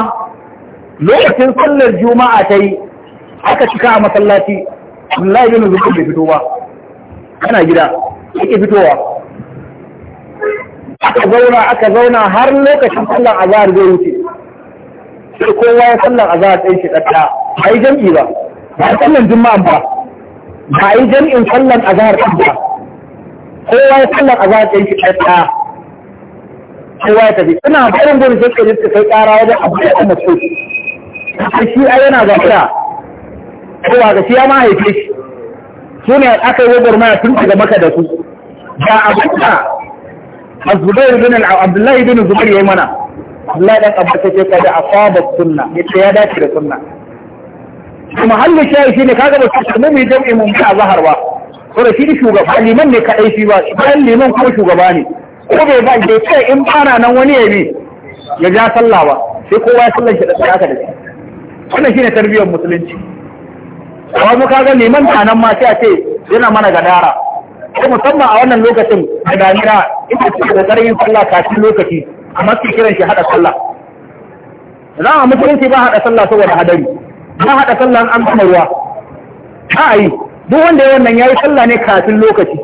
lokacin sallar juma'a ta yi aka cika a masallaci Abdullahi bin Zubair bai fito ba kana gida yake fitowa aka zauna aka zauna har lokacin sallar azhar zai wuce sai kowa ya sallar azhar ɗan shi ɗaɗɗa a yi jam'i ba ba a sallar juma'a ba ba a yi jam'in sallar azhar ɗan ba kowa ya sallar azhar ɗan shi ɗaɗɗa kowa ya tafi ina barin gurin sai ka yi kai ƙara wajen abu da ɗan mutum shi ai yana gafara ko ba ga shi ya mahaife shi su ne aka yi wabar maya tun shiga maka da su ga abinda azubair bin abdullahi bin zubair ya yi mana abdullahi ɗan abarta ya ce ka a asaba sunna yace ya dace da sunna kuma halin shayi shine kaga ba su mu mai jam'i mun ba zahar ba ko da shi shugaba liman ne kadai shi ba bayan liman kuma shugaba ne ko bai ba da ce in bana nan wani ya bi ya ja sallah ba sai kowa ya sallar shi da aka da shi wannan shine tarbiyyar musulunci amma mu kaga neman tanan ma sai a ce yana mana gadara ko musamman a wannan lokacin da damina ita ce da tsarin sallah kafin lokaci amma ke kiran shi hada sallah za a musulunci ba hada sallah saboda hadari ba hada sallah an gama ruwa ta yi duk wanda ya wannan yayi sallah ne kafin lokaci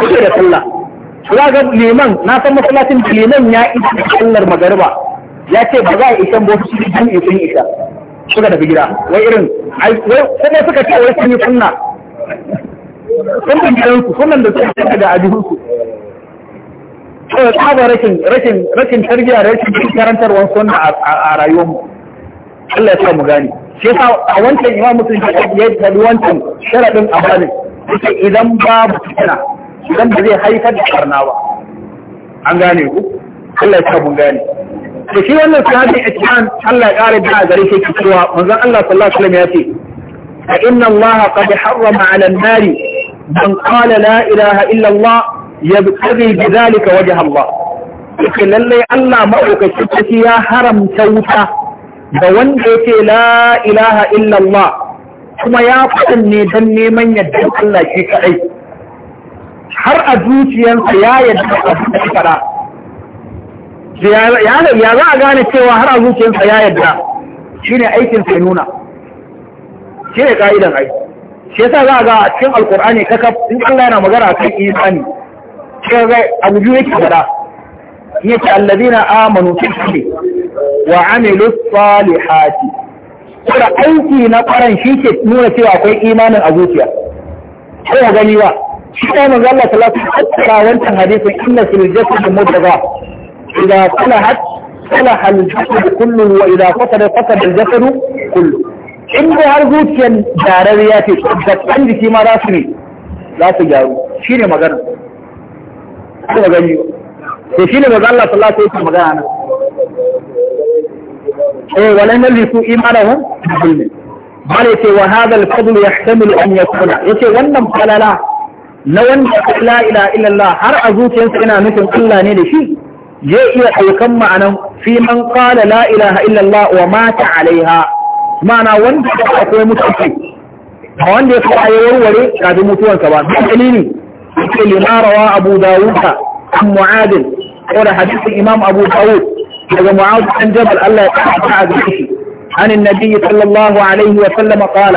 kuke da sallah za ga liman na san masallacin da liman ya isa sallar magariba ya ce ba za a ishan ba su cikin sun isa suka tafi gida wai irin kuma suka ce wai sun yi sunna sun bin gidansu sunan da suka tafi da to ya tsaba rashin rashin rashin tarbiyya rashin karantarwar sunna a mu Allah ya sa mu gane shi yasa a wancan imam musulun ya tabi wancan sharaɗin a bani Sai idan babu fitina idan ba zai haifar da karna ba an gane ku Allah ya sa mu gane da shi wannan sahabi Ithan Allah ya ƙara da gare shi cewa manzon Allah sallallahu alaihi wasallam ya ce inna Allah qad harrama 'ala an-nari man qala la ilaha illa Allah yabtaghi bidhalika wajha Allah yake lalle Allah ma'aikaci ya haramta wuta da wanda yake la ilaha illa Allah kuma ya faɗin ne don neman yadda Allah shi kaɗai har a zuciyarsa ya yadda abin da ya faɗa ya za a gane cewa har a zuciyarsa ya yadda shi ne aikin sai nuna shi ne ka'idan aiki shi yasa za a ga a cikin alkur'ani kakaf in Allah yana magana a kan isani shi ga abu biyu yake faɗa yake allazina amanu fi wa amilu salihati kuma aiki na faran shi ke nuna cewa akwai imanin a zuciya ko gani ba shi ne manzo Allah sallallahu alaihi wasallam a cikin wancan hadisin inna fil jasadi إذا صلحت صلح الجسد كله وإذا قتل قتل الجسد كله إن هو هرغوتيا جارياتي شبت عندي في راسني لا تجارو شين مغانا هذا مغاني شين مغانا إيه، الله صلى الله عليه وسلم مغانا إيه، ولن يلسوا إيمانهم بالظلم قال يسي إيه، وهذا الفضل يحتمل أن يكون يسي ونم قال لا لو لا إله إلا الله هرأ زوتيا سعنا مثل إلا نيلي شيء zai iya ɗaukan ma'anan fi man qala la ilaha illallah wa mata alaiha ma'ana wanda ya akwai mutunci a wanda ya fara ya warware kafin mutuwansa ba don dalili yake limarawa abu dawuda an mu'adin ko da hadisin imam abu dawud daga mu'adin ɗan jabal allah ya ta a gaske عن النبي sallallahu alaihi wa sallam قال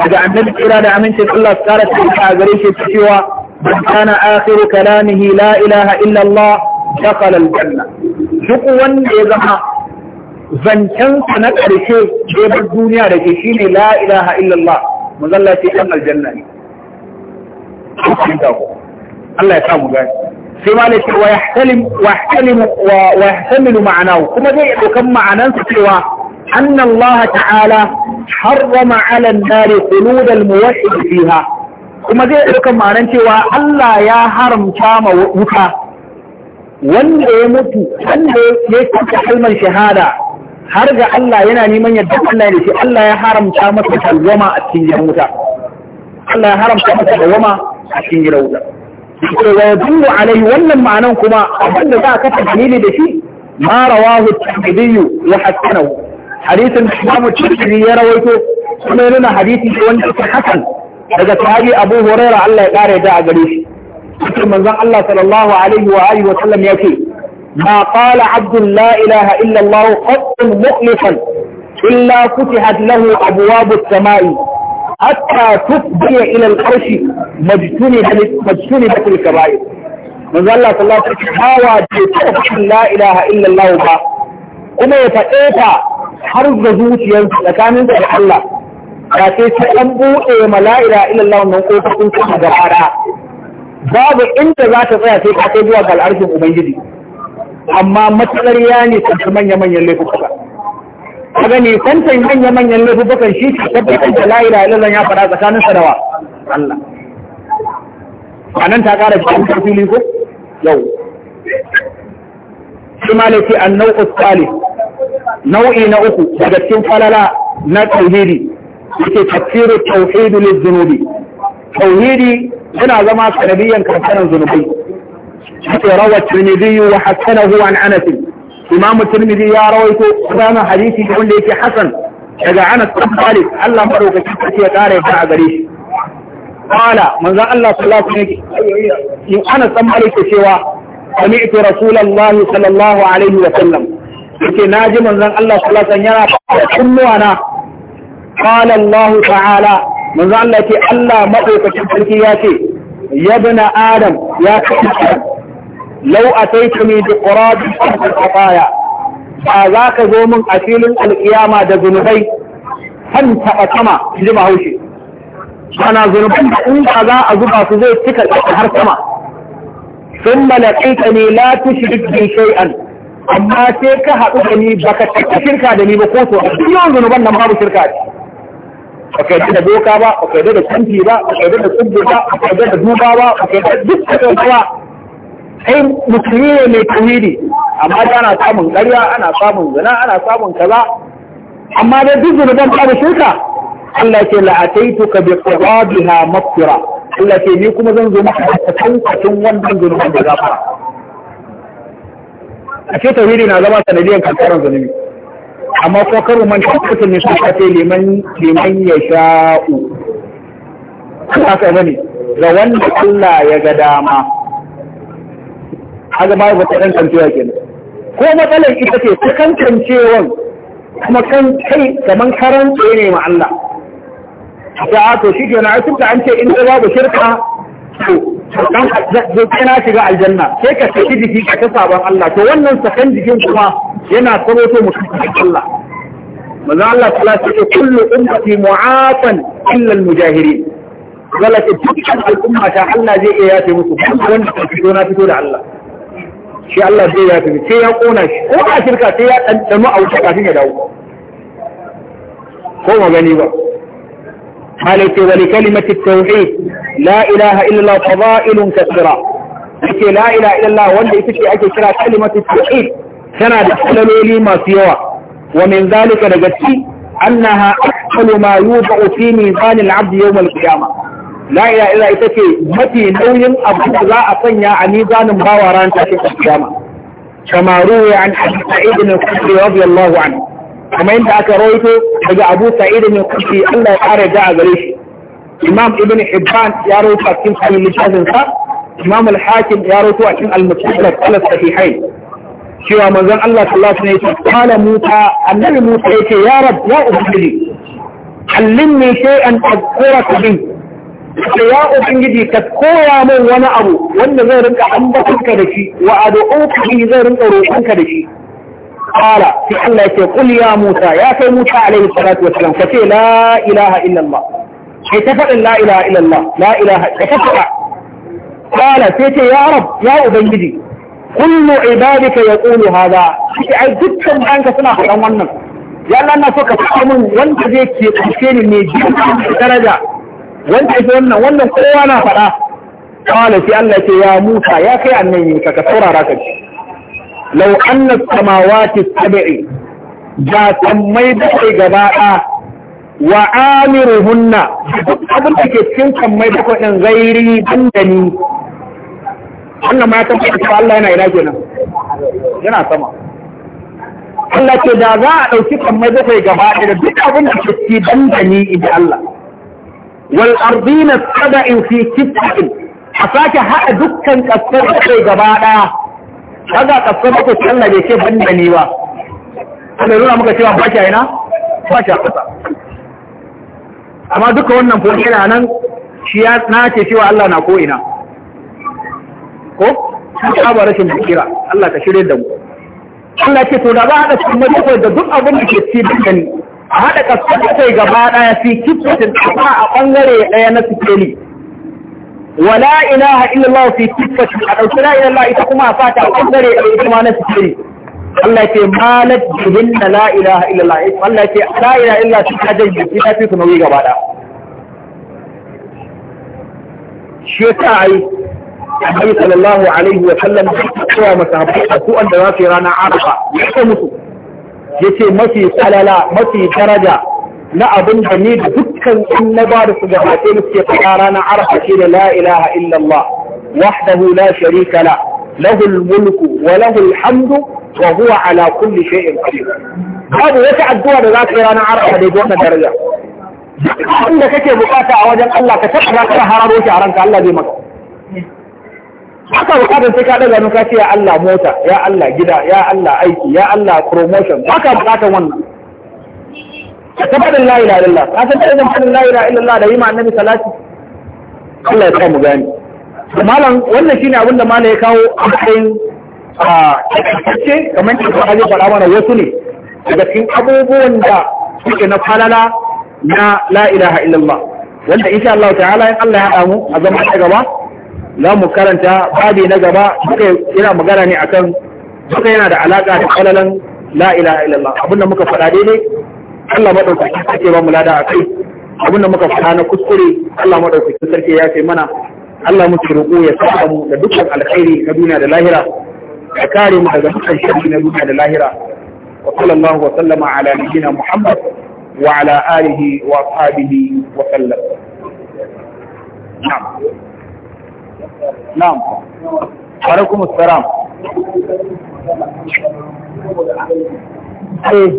daga annabi kira da amincin Allah su kara ta a gare shi cewa man kana akhiru kalamihi la ilaha illa dakal aljanna duk wanda ya zama zancensa na ƙarshe da ya bar duniya da ke shine la ilaha illallah mazalla ce ɗan aljanna ne Allah ya sa mu gani sai ma ne cewa ya yahtamilu ma'anahu kuma zai iya ɗaukan ma'anansa cewa anna Allah ta'ala harrama 'ala an-nar khulud al-muwahhid fiha kuma zai iya ɗaukan ma'anan cewa Allah ya haramta ma wuta wanda ya mutu wanda ya kanta kalmar shahada har ga Allah yana neman yadda Allah ne shi Allah ya haramta masa dawwama a cikin gidan wuta Allah ya haramta masa dawwama a cikin gidan wuta to wa dullu alai wannan ma'anan kuma abinda za ka dalili da shi ma rawahu at-tirmidhi wa hasanahu hadithin Imam tirmidhi ya rawaito kuma yana hadisi wanda ke hasan daga sahabi Abu Hurairah Allah ya kare da a gare shi cikin manzon Allah sallallahu alaihi wa alihi wa sallam ya ce illa قال عبد لا إله إلا الله قط مخلصا إلا فتحت له أبواب السماء حتى تفضي إلى العرش مجتنبة الكبائر manzo Allah sallallahu alaihi wasallam hawa da tafsirin la ilaha illa Allah ba kuma ya faɗe ta har ga zuciyar tsakanin da Allah ba sai sai an buɗe ma la ilaha illa Allah nan ko kun kuma gabara babu inda za ta tsaya sai ta kai zuwa ga al'arshin ubangiji amma matsalar ya ne tantar manya-manyan laifuka kaga gani tantar manya-manyan laifukan shi ke tabbatar da la'ila ilallan ya fara tsakanin sadawa Allah a nan ta kara cikin karfi ko yau shi malaki an nau'u tsali nau'i na uku daga cikin falala na tauhidi yake tafsirin tauhidi lizunubi tauhidi yana zama sanadiyan karkaran zunubai ake rawar tirmidhi wa hasanahu an anas Imam tirmidhi ya rawaito wannan hadisi da wanda yake hasan daga anas bin malik Allah madaukaki sai ya kare ta a gare shi qala manzo Allah sallallahu alaihi wasallam anas bin malik cewa sami'tu rasulullahi sallallahu alaihi wasallam yake naji manzon Allah sallallahu alaihi wasallam yana kunnuwa na qala Allah ta'ala manzo Allah ce Allah madaukakin sarki ya ce ya bana adam ya kace law ataitani bi qurab al-qaya ba za ka zo min a filin alkiyama da zunubai han taba sama ji bahaushe ana zunuban da in ba za a zuba su zai cika har sama sun malaƙaita ne la tushrik bi shay'an amma sai ka haɗu da ni baka taɓa shirka da ni ba ko so duk yawan zunuban nan babu shirka ce ba ka yadda da boka ba ba ka yadda da kanti ba ba ka yadda da tsubbu ba ba ka yadda da duba ba ba ka yadda duk da ba kai musulmi ne mai tauhidi amma da ana samun ƙarya ana samun zina ana samun kaza amma dai duk zunuban babu shirka Allah ce la'ataituka bi qirabiha mafira. Allah ce ni kuma zan zo maka da tantancin wannan zunuban da gafara a ce tauhidi na zama sanadiyan kankaran zunubi amma ko karu man tabbatar ne suka ce liman liman ya sha'u haka bane ga wanda Allah ya ga dama haka ba ta kan kancewa kenan ko matsalar ita ce ta kankancewan kuma kan kai kaman karan ne ma Allah ta to shi kenan ai tunda an ce in da babu shirka to dan zai na shiga aljanna sai ka saki jiki ka ta saban Allah to wannan sakan jikin kuma yana saboto musulmi Allah manzo Allah ta ce kullu ummati mu'afan illa al-mujahirin zalla ce dukkan al'umma ta Allah zai iya yafe musu wanda ta fito na fito da Allah shi Allah zai yafe ni sai ya kona shi ko a shirka sai ya ɗanɗano a wuce kafin ya dawo ko magani ba malaka wa kalimati tauhid la ilaha illa Allah fadailun kathira yake la ilaha illa Allah wanda ita ce ake kira kalimatu tauhid tana da kaloli masu yawa wa min zalika daga ci annaha aqalu ma yudau fi mizan al-abd yawm al-qiyamah la ilaha illa ita ce mafi nauyin abu da za a sanya a mizanin bawa ran ta ce kiyama kama ruwa an abi sa'id bin khudri radiyallahu anhu kama inda aka rawaito daga abu sa'id bin khudri Allah ya kare da gare shi imam ibn hibban ya rawaito a cikin sahih littafin sa imam al-hakim ya rawaito a cikin al-mustadrak ala sahihain cewa manzon Allah sallallahu alaihi wasallam ya kana Musa annabi Musa yace ya rab ya ubangiji allimni shay'an adhkuraka bi ya ubangiji ka koya min wani abu wanda zai rinka ka da shi wa ad'uka bi zai rinka ka da shi qala sai Allah yace qul ya Musa ya kai Musa alaihi salatu wasallam ka ce la ilaha illa Allah kai ta faɗin la ilaha illa Allah la ilaha ka ta faɗa qala sai ce ya rab ya ubangiji kullu ibadika yaqulu hada shi ai dukkan bayanka suna faɗan wannan ya Allah na so ka faɗa min wanda zai ke kashe ni mai girma daraja wanda yake wannan wannan kowa na faɗa kawai sai Allah ce ya Musa ya kai annabi ka ka saurara ka law anna samawati sab'i ja sammai bakwai gaba wa amiruhunna abin da ke cikin sammai bakwai ɗin zairi ni. wannan ma ya tabbata cewa Allah yana ina kenan yana sama Allah ce da za a ɗauki kamar bakwai gaba da duk abin da ke ci ban da ni ibi Allah wal ardina in fi kitabin a sake haɗa dukkan ƙasar bakwai gaba ɗaya kaga ƙasar bakwai Allah bai ce ban da ni ba Allah nuna muka cewa ba ina ba a ƙasa amma duka wannan fulani nan shi ya na ce cewa Allah na ko ina ko ta ba rashin jikira Allah ka shirye da mu Allah ce to da ba haɗa cikin majalisar da duk abin da ke ci dukkan a haɗa kasuwa sai gaba ɗaya fi kitchen kuma a ɓangare ɗaya na sikeli wala ilaha illallah fi kitchen a ɗauki la ilaha ita kuma a fata a ɓangare ɗaya ita ma na sikeli Allah ce malat bihin na la ilaha illallah Allah ce la ilaha illallah su ta janye ita fi su nauyi gaba ɗaya. Shi ta yi annabi sallallahu alaihi wa sallam cewa masahabai a ku an da za su yi ranar arafa ya ce musu ya ce mafi tsalala mafi daraja na abin da ni da dukkan annaba da su gabace ni suke faɗa ranar arafa shi da la ilaha illallah wahdahu la sharika la lahul mulku wa lahul hamdu wa huwa ala kulli shay'in qadir babu wata addu'a da za ka yi ranar arafa da wannan daraja duk abin da kake bukata a wajen Allah ka tabbata ka hararo shi a ranka Allah zai maka haka bukatar sai ka daga nuka ce ya Allah mota ya Allah gida ya Allah aiki ya Allah promotion haka bukatar wannan ka tafa la ilaha illallah ka san irin fadin la ilaha da yi ma annabi salati Allah ya sa mu gani malam wannan shine abin da malam ya kawo a matsayin a ce kamar ki ka ji fara mana wasu ne daga cikin abubuwan da suke na falala na la ilaha illallah wanda insha Allah ta'ala in Allah ya hada mu a zaman gaba za mu karanta babi na gaba duka yana magana ne akan duka yana da alaka da kalalan la ilaha illallah abin da muka faɗa daidai Allah madaukakin sarki ba mu lada a kai abin da muka faɗa na kuskure Allah madaukakin sarki ya ce mana Allah muke roƙo ya saka mu da dukkan alkhairi na duniya da lahira ya kare mu daga dukkan sharri na duniya da lahira wa sallallahu wa sallama ala nabiyyina Muhammad wa ala alihi wa ashabihi wa sallam na'am na'am alaikum assalam eh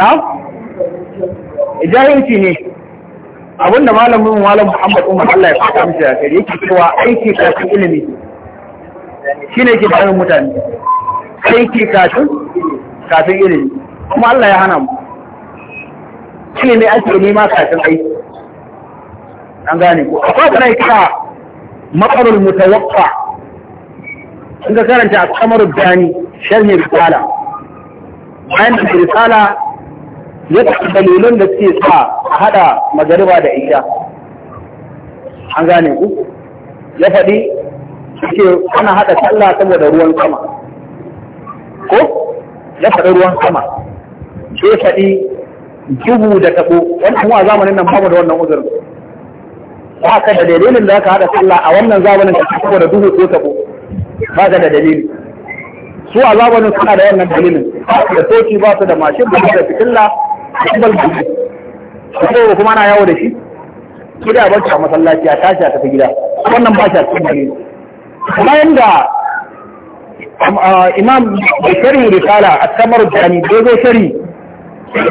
na'am jahilci ne abinda malamin malam Muhammad Umar Allah ya faɗa mishi da kare yake cewa aiki kafin ilimi shine ke bayan mutane aiki kafin kafin ilimi kuma Allah ya hana mu shine ne ake nema kafin aiki an gane ko akwai kana kira maqarul mutawaffa in ka karanta a kamar dani sharhi risala bayan risala ya tafi dalilin da suke sa a hada magariba da isha an gane ku ya faɗi suke ana hada sallah saboda ruwan sama ko ya faɗi ruwan sama ya faɗi jubu da taɓo wannan kuma a zamanin nan babu da wannan uzurin ba ka da dalilin da aka haɗa sallah a wannan zamanin da da duhu ko tabo ba ka da dalili su a zamanin suna da wannan dalilin da toci ba su da mashin ba su da fitilla da bal Su ko kuma na yawo da shi gida ba ta masallaci a tashi a tafi gida wannan ba shi a cikin dalili kuma yadda um, uh, imam da shari risala a kamar da da zai shari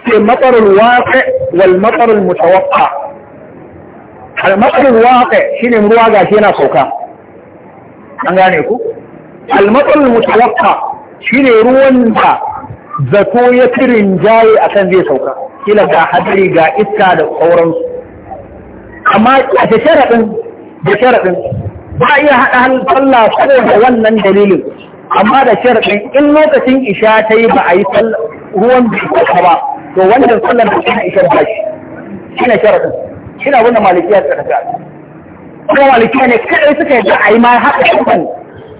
ce matsarar waƙe wal matsarar mutawakka al-maqdul shi ne ruwa ga gashi yana sauka an gane ku al-maqdul shi ne ruwan da zato ya tirin jaye akan zai sauka kila ga hadari ga iska da sauransu amma a ta sharaɗin da sharaɗin ba iya haɗa halfalla saboda wannan dalilin amma da sharaɗin in lokacin isha ta yi ba a yi ruwan bai ba to wannan sallar da ta isha ba shi shi ne sharaɗin ina abin da malikiya suka tafi kuma malikiya ne kadai suka yi a yi ma haka kan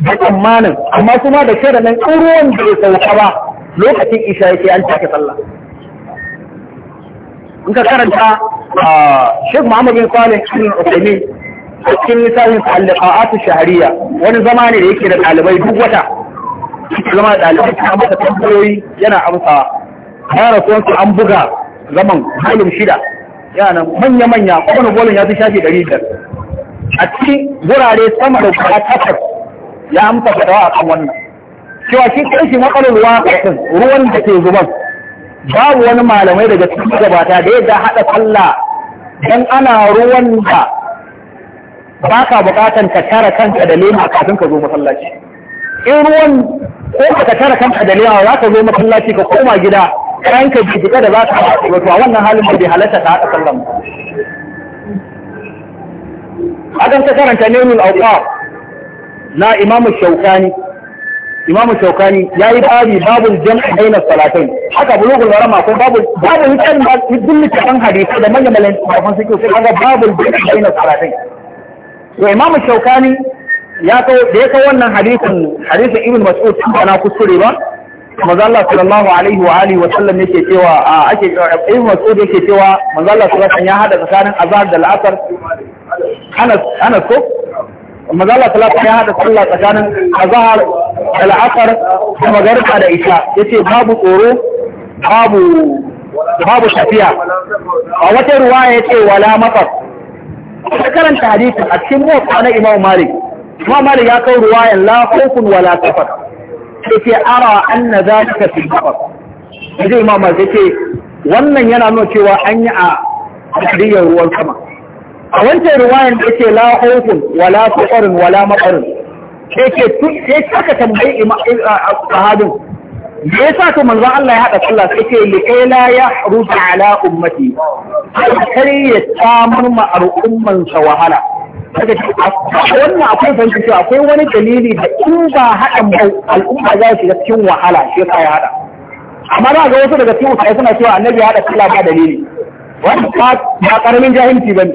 da tsammanin amma kuma da da nan ruwan da ya sauka ba lokacin isha yake an take sallah in ka karanta Sheikh Muhammad bin Salih bin Uthaymeen cikin misalin al-liqa'atu shahriya wani zama ne da yake da ɗalibai duk wata zama da ɗalibai ta masa tambayoyi yana amsawa bayan suwansu an buga zaman halin shida yana manya-manya kwanan bolin ya fi shafi ɗari biyar a cikin wurare sama da kwanan ya amsa fadawa a kan wannan cewa shi shi matsalar ruwa ɗin ruwan da ke zuban babu wani malamai daga cikin gabata da yadda haɗa sallah don ana ruwan da ba ka bukatan ka tara kanka da lema kafin ka zo masallaci in ruwan ko ka tara kanka da lema za ka zo masallaci ka koma gida kan ka jijjiga da za ka haɗa wato a wannan halin da bai halatta ka haɗa sallan akan ta karanta nemin auka. na imamu shaukani imamu shaukani ya yi babi babul jam'i bainas salatai haka bulugul maram babu babu babul kan dukkan littafin hadisi da manyan malaman suke sai kaga babul jam'i bainas salatai. to imamu shaukani ya kawo da ya kawo wannan hadisin hadisin ibn mas'ud ba na kuskure ba Mazalla sallallahu alaihi wa alihi wa sallam yake cewa ake ibn Mas'ud yake cewa manzo sallallahu ya hada tsakanin azhar da al'asr Anas Anas ko manzo sallallahu ya hada sallah tsakanin azhar da al'asr da magariba da isha yace babu tsoro babu babu tafiya a wata ruwaya yace wala mafar ta karanta hadisi a cikin mota na Imam Malik Imam Malik ya kai ruwayan la khawfun wala safar sai ce ara anna zalika fi al-baqar idan imam malik wannan yana nuna cewa an yi a kadiyar ruwan sama a wancan ruwayan da yake la khawfun wala faqarun wala maqarun yake sai saka tambayi sahabin me yasa to manzon Allah ya hada sallah sai ce li kai la yahruj ala ummati kar ya samar ma al'umman sa wahala daga wannan akwai fahimta cewa akwai wani dalili da in ba haɗan ba al'umma za su shiga cikin wahala shi yasa ya haɗa amma za ga wasu daga cikin usai suna cewa annabi ya haɗa sila ba dalili wannan ba karamin jahilci bane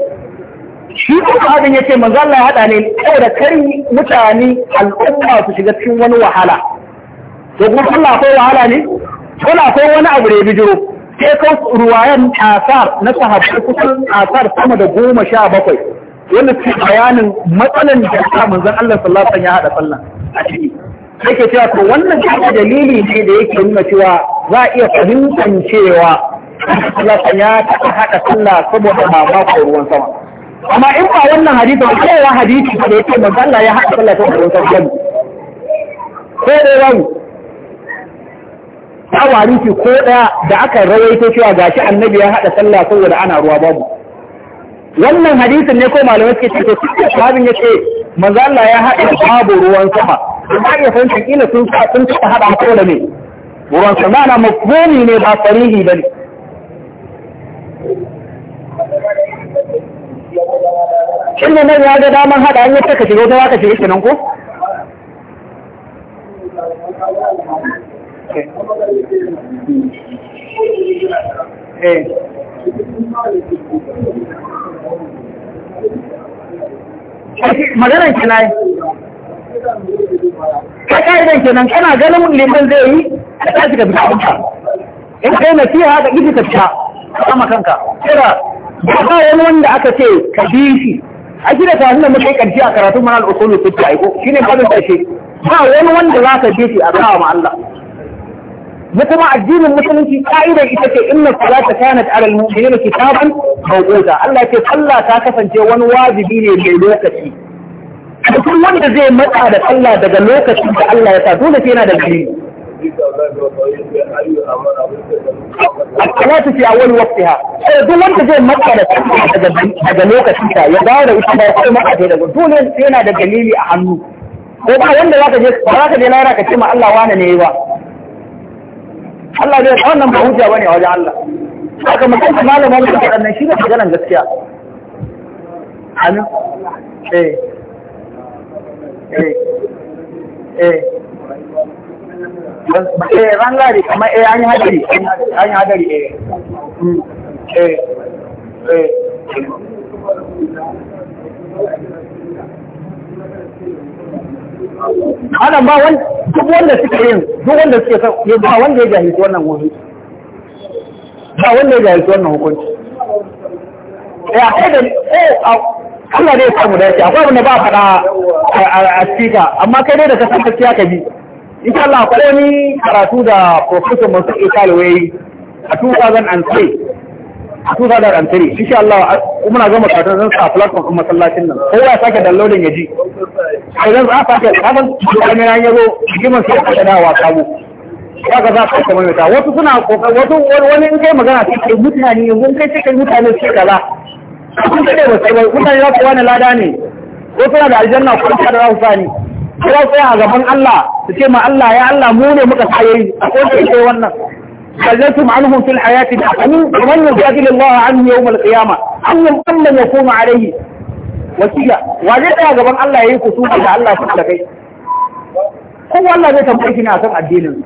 shi kuma ya ce manzo Allah ya haɗa ne da kai mutane al'umma su shiga cikin wani wahala to kuma sallah akwai wahala ne ko akwai wani abu da ya bijiro sai kan ruwayan asar na sahabbai kusan asar sama da goma sha bakwai wanda suke bayanin matsalan da ya zan Allah sallallahu alaihi ya hada sallah a ciki sai ke cewa to wannan kaga dalili ne da yake nuna cewa za a iya fahimtan cewa Allah ya taɓa haɗa sallah saboda ba ko ruwan sama amma in ba wannan hadisi ba kowa hadisi da yake manzon Allah ya haɗa sallah saboda ruwan sama ko dai babu tawari ko ɗaya da aka rawaito cewa gashi annabi ya haɗa sallah saboda ana ruwa babu wannan hadisin ne ko malamai suke cikin cikin sahabin ya ce manzo Allah ya haɗa babu ruwan sama amma ya fahimci shi sun sa sun taɓa haɗa ko da me ruwan sama na mafhumi ne ba sarihi ne. shin nan ya ga daman haɗa an ta ka shiga wata waka shiga kenan ko Eh. eh. maganar ki yi ka ka'idan kenan kana ganin liman zai yi ka tashi ka fita in kai na fiya haka, gifi ka fita ka kama kanka kira ba wani wanda aka ce ka bi shi a shi da tafi da muka yi karshe a karatun mana al'usulu fitta aiko shi ne babin karshe ba wani wanda za ka je shi a kawo ma Allah وكما الدين المسلم في قائدة إتكي إن الصلاة كانت على المؤمنين كتابا موجودة الله كي صلى تاكفا جوان واجبين للوكة فيه كل من يزي مدعى لصلى دقى لوكة فيه الله يتعدون فينا دقين الصلاة في أول وقتها كل من يزي مدعى لصلى دقى لوكة فيه يدار إتبع كل مدعى فيه دول فينا دقليل أحمد وبعد أن الله يجيس فراك للا راك الله وانا نيوان Allah zai ta wannan ba hujja bane a wajen Allah haka mutum da malama mutum waɗannan shi ne maganan gaskiya amin eh eh eh eh ran lari kamar eh an yi hadari an yi hadari eh hmm. eh eh ana ba wani duk wanda suka yin duk wanda suke yin ba wanda ya jahilci wannan hukunci ba wanda ya jahilci wannan hukunci ya kai da eh, Allah ne ya samu dace akwai abin da ba faɗa a cika amma kai dai da ka san gaskiya ka bi insha Allah akwai wani karatu da professor Musa Ikal wayi a 2003 a 2003 insha Allah muna zama katon zan sa platform ɗin masallacin nan kowa ya sake downloading ya ji sai zan za sake kafin kamar ya yazo jiman sai aka dawa sabo kaga za ka mai ta wasu suna kokari wasu wani in kai magana sai kai mutane yanzu in kai sai kai mutane sai kaza kun da ba sai mutane za su wani lada ne ko suna da aljanna ko suna da rahusani ko za a gaban Allah su ce ma Allah ya Allah mu ne muka sayi a ko wannan خللتم عنهم في الحياة الأخرين ومن يجادل الله عنه يوم القيامة أنهم أمن يكون عليه وكيلا وجدت يا جبان الله يكسوك إذا الله سبحانه كي هو الله زي تنبيشنا أسمع الدين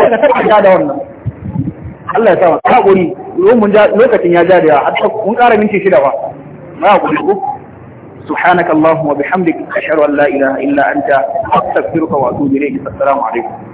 هذا تبع جادة والله Allah ya sama ka guri lokacin ya jade har mun ƙara minti shida ba ma guri ko subhanakallahumma bihamdika ashhadu an la ilaha illa anta astaghfiruka wa atubu ilayk